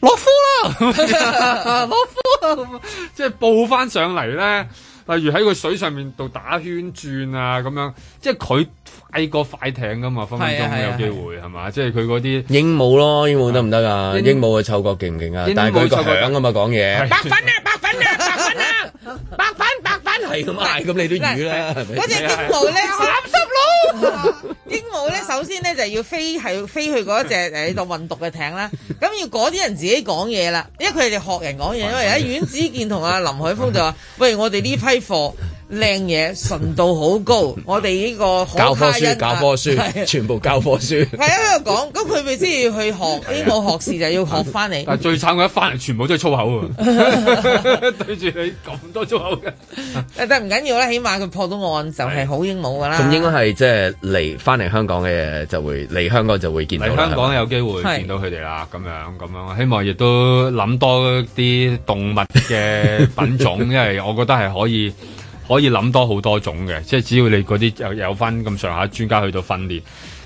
[SPEAKER 3] 落夫啦，落夫 ，
[SPEAKER 1] 即係報翻上嚟咧。例如喺個水上面度打圈轉啊咁樣，即係佢快過快艇噶嘛，分分鐘有機會係嘛？即係佢嗰啲鸚鵡咯，鸚鵡得唔得啊？鸚鵡嘅嗅覺勁唔勁啊？但
[SPEAKER 2] 係佢個響
[SPEAKER 1] 啊嘛講嘢。白粉啊，白粉啊，白粉啊，
[SPEAKER 3] 白粉，白粉係咁啊！咁你都輸啦係咪？嗰隻鸚鵡咧，三十攞。首先咧就是、要飛係要飛去嗰一隻誒度運毒嘅艇啦，咁、 嗯、要嗰啲人自己講嘢啦，因為佢哋學人講嘢， 因為而家阮子健同阿林海峰就話： 喂，我哋呢批貨。靚嘢純度好高，我哋呢個教科書教科書，
[SPEAKER 1] 全部教科書。
[SPEAKER 2] 係啊
[SPEAKER 3] 喺度講，咁佢咪先要去學英鵡學士，就要學翻嚟。但最
[SPEAKER 1] 慘佢一翻嚟，全部都係粗口啊！對住你咁多粗口
[SPEAKER 3] 嘅，但唔緊要啦，起碼佢破到案就係好鸚鵡噶啦。咁應
[SPEAKER 2] 該係即係嚟翻嚟香港嘅，就會嚟香港就會見到。嚟香港有機
[SPEAKER 1] 會見到佢哋啦，咁樣咁樣，希望亦都諗多啲動物嘅品種，因為我覺得係可以。可以諗多好多種嘅，即係只要你嗰啲有有翻咁上下專家去到訓練，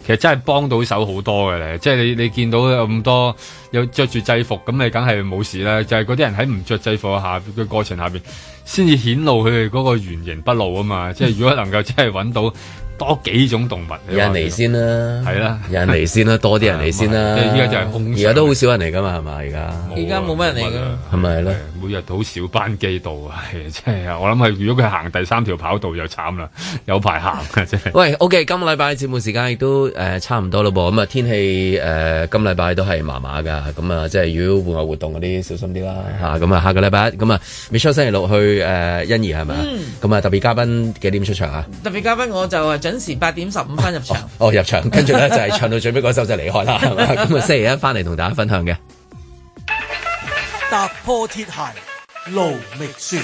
[SPEAKER 1] 其實真係幫到手好多嘅咧。即係你你見到有咁多有着住制服，咁你梗係冇事啦。就係嗰啲人喺唔着制服下嘅過程下邊，先至顯露佢哋嗰個原形畢露啊嘛。 即係如果能夠真係揾到。多幾種動物有人嚟先啦，係啦，有人嚟先啦，多啲人嚟先啦。而家就係空，而家都好少人嚟噶嘛，係咪而家？
[SPEAKER 3] 而家冇乜人嚟噶，
[SPEAKER 1] 係咪咧？每日都好少班機到啊，係真係啊！我諗係如果佢行第三條跑道又慘啦，有排行嘅真
[SPEAKER 2] 係。喂，OK，今個禮拜節目時間亦都誒差唔多啦噃，咁啊天氣誒今禮拜都係麻麻㗎，咁啊即係如果戶外活動嗰啲小心啲啦嚇。咁啊下個禮拜咁啊，未出星期六去誒欣怡係咪？咁啊特別嘉賓幾點出場啊？
[SPEAKER 3] 特別嘉賓我就準時八點十五分入場哦，哦，入場，跟住咧就係、是、唱到最尾嗰首就離
[SPEAKER 2] 開啦，咁啊，星期一翻嚟，同大家分享嘅。
[SPEAKER 3] 踏破鐵鞋，勞覓船。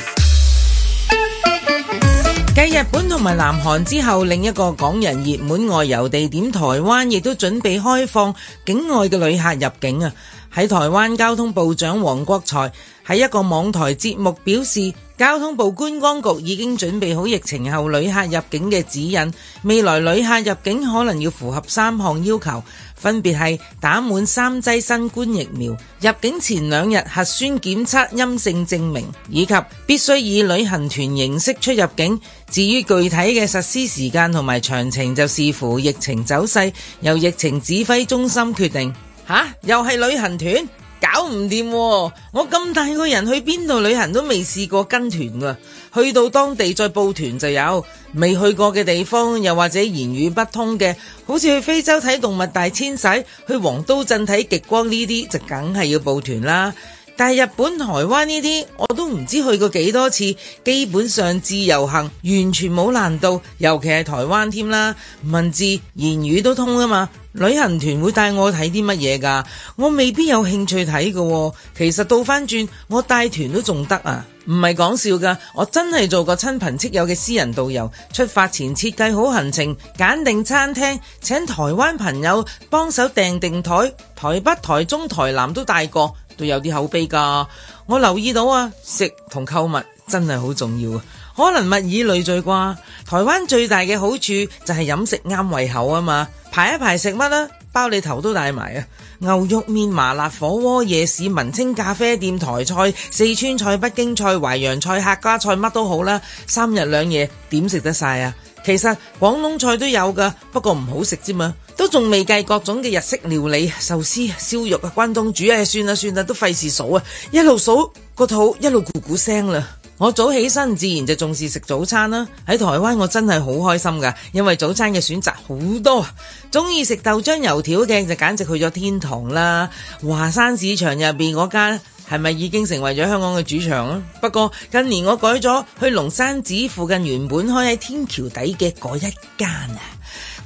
[SPEAKER 3] 繼 日本同埋南韓之後，另一個港人熱門外遊地點台灣，亦都準備開放境外嘅旅客入境啊。喺台灣交通部長王國材喺一個網台節目表示，交通部觀光局已經準備好疫情後旅客入境嘅指引，未來旅客入境可能要符合三項要求，分別係打滿三劑新冠疫苗、入境前兩日核酸檢測陰性證明，以及必須以旅行團形式出入境。至於具體嘅實施時間同埋詳情，就視乎疫情走勢，由疫情指揮中心決定。吓、啊，又係旅行團搞唔掂，啊？我咁大個人去邊度旅行都未試過跟團噶，去到當地再報團就有未去過嘅地方，又或者言語不通嘅，好似去非洲睇動物大遷徙，去黃刀鎮睇極光呢啲，就梗係要報團啦。但係日本、台灣呢啲我都唔知去過幾多次，基本上自由行完全冇難度，尤其係台灣添啦，文字言語都通啊嘛。旅行團會帶我睇啲乜嘢噶，我未必有興趣睇噶喎。其實倒翻轉，我帶團都仲得啊，唔係講笑噶，我真係做個親朋戚友嘅私人導遊，出發前設計好行程，揀定餐廳，請台灣朋友幫手訂定枱，台北、台中、台南都帶過。都有啲口碑噶，我留意到啊，食同購物真係好重要啊，可能物以類聚啩。台灣最大嘅好處就係飲食啱胃口啊嘛，排一排食物啦，包你頭都大埋啊！牛肉麵、麻辣火鍋、夜市、文青咖啡店、台菜、四川菜、北京菜、淮揚菜、客家菜，乜都好啦，三日兩夜點食得晒啊？其實廣東菜都有噶，不過唔好食啫嘛。都仲未計各種嘅日式料理、壽司、燒肉、關東煮啊，算啦算啦，都費事數啊！一路數個肚，一路咕咕聲啦。我早起身，自然就重視食早餐啦。喺台灣，我真係好開心噶，因為早餐嘅選擇好多。中意食豆漿油條嘅就簡直去咗天堂啦。華山市場入邊嗰間係咪已經成為咗香港嘅主場啊？不過近年我改咗去龍山寺附近，原本開喺天橋底嘅嗰一間啊。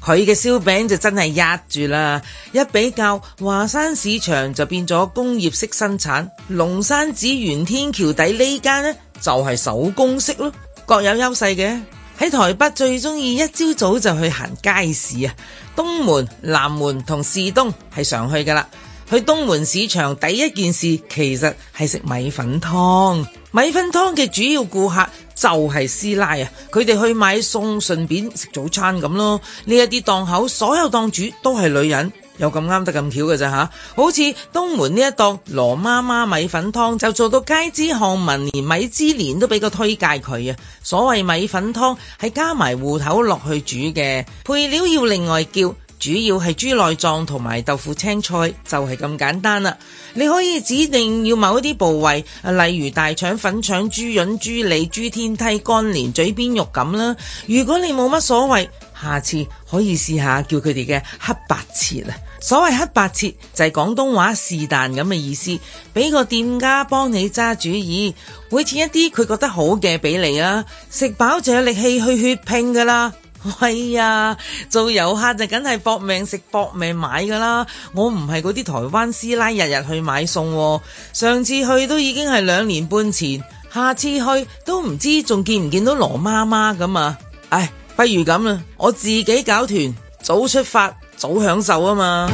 [SPEAKER 3] 佢嘅燒餅就真係壓住啦！一比較華山市場就變咗工業式生產，龍山寺元天橋底呢間呢，就係手工式咯，各有優勢嘅。喺台北最鍾意一朝早就去行街市啊，東門、南門同士東係常去噶啦。去東門市場第一件事，其實係食米粉湯。米粉湯嘅主要顧客就係師奶啊，佢哋去買餸，順便食早餐咁咯。呢一啲檔口，所有檔主都係女人，有咁啱得咁巧嘅咋吓。好似東門呢一檔羅媽媽米粉湯，就做到街知巷聞，連米芝蓮都俾個推介佢啊。所謂米粉湯係加埋芋頭落去煮嘅，配料要另外叫。主要係豬內臟同埋豆腐、青菜，就係咁簡單啦。你可以指定要某一啲部位，例如大腸、粉腸、豬潤、豬脷、豬天梯、肝連、嘴邊肉咁啦。如果你冇乜所謂，下次可以試下叫佢哋嘅黑白切啊。所謂黑白切就係廣東話是但咁嘅意思，俾個店家幫你揸主意，會切一啲佢覺得好嘅俾你啊。食飽就有力氣去血拼噶啦。係啊，做遊客就梗係搏命食搏命買噶啦！我唔係嗰啲台灣師奶日日去買餸喎啊，上次去都已經係兩年半前，下次去都唔知仲見唔見到羅媽媽咁啊！唉，不如咁啦，我自己搞團，早出發早享受啊嘛！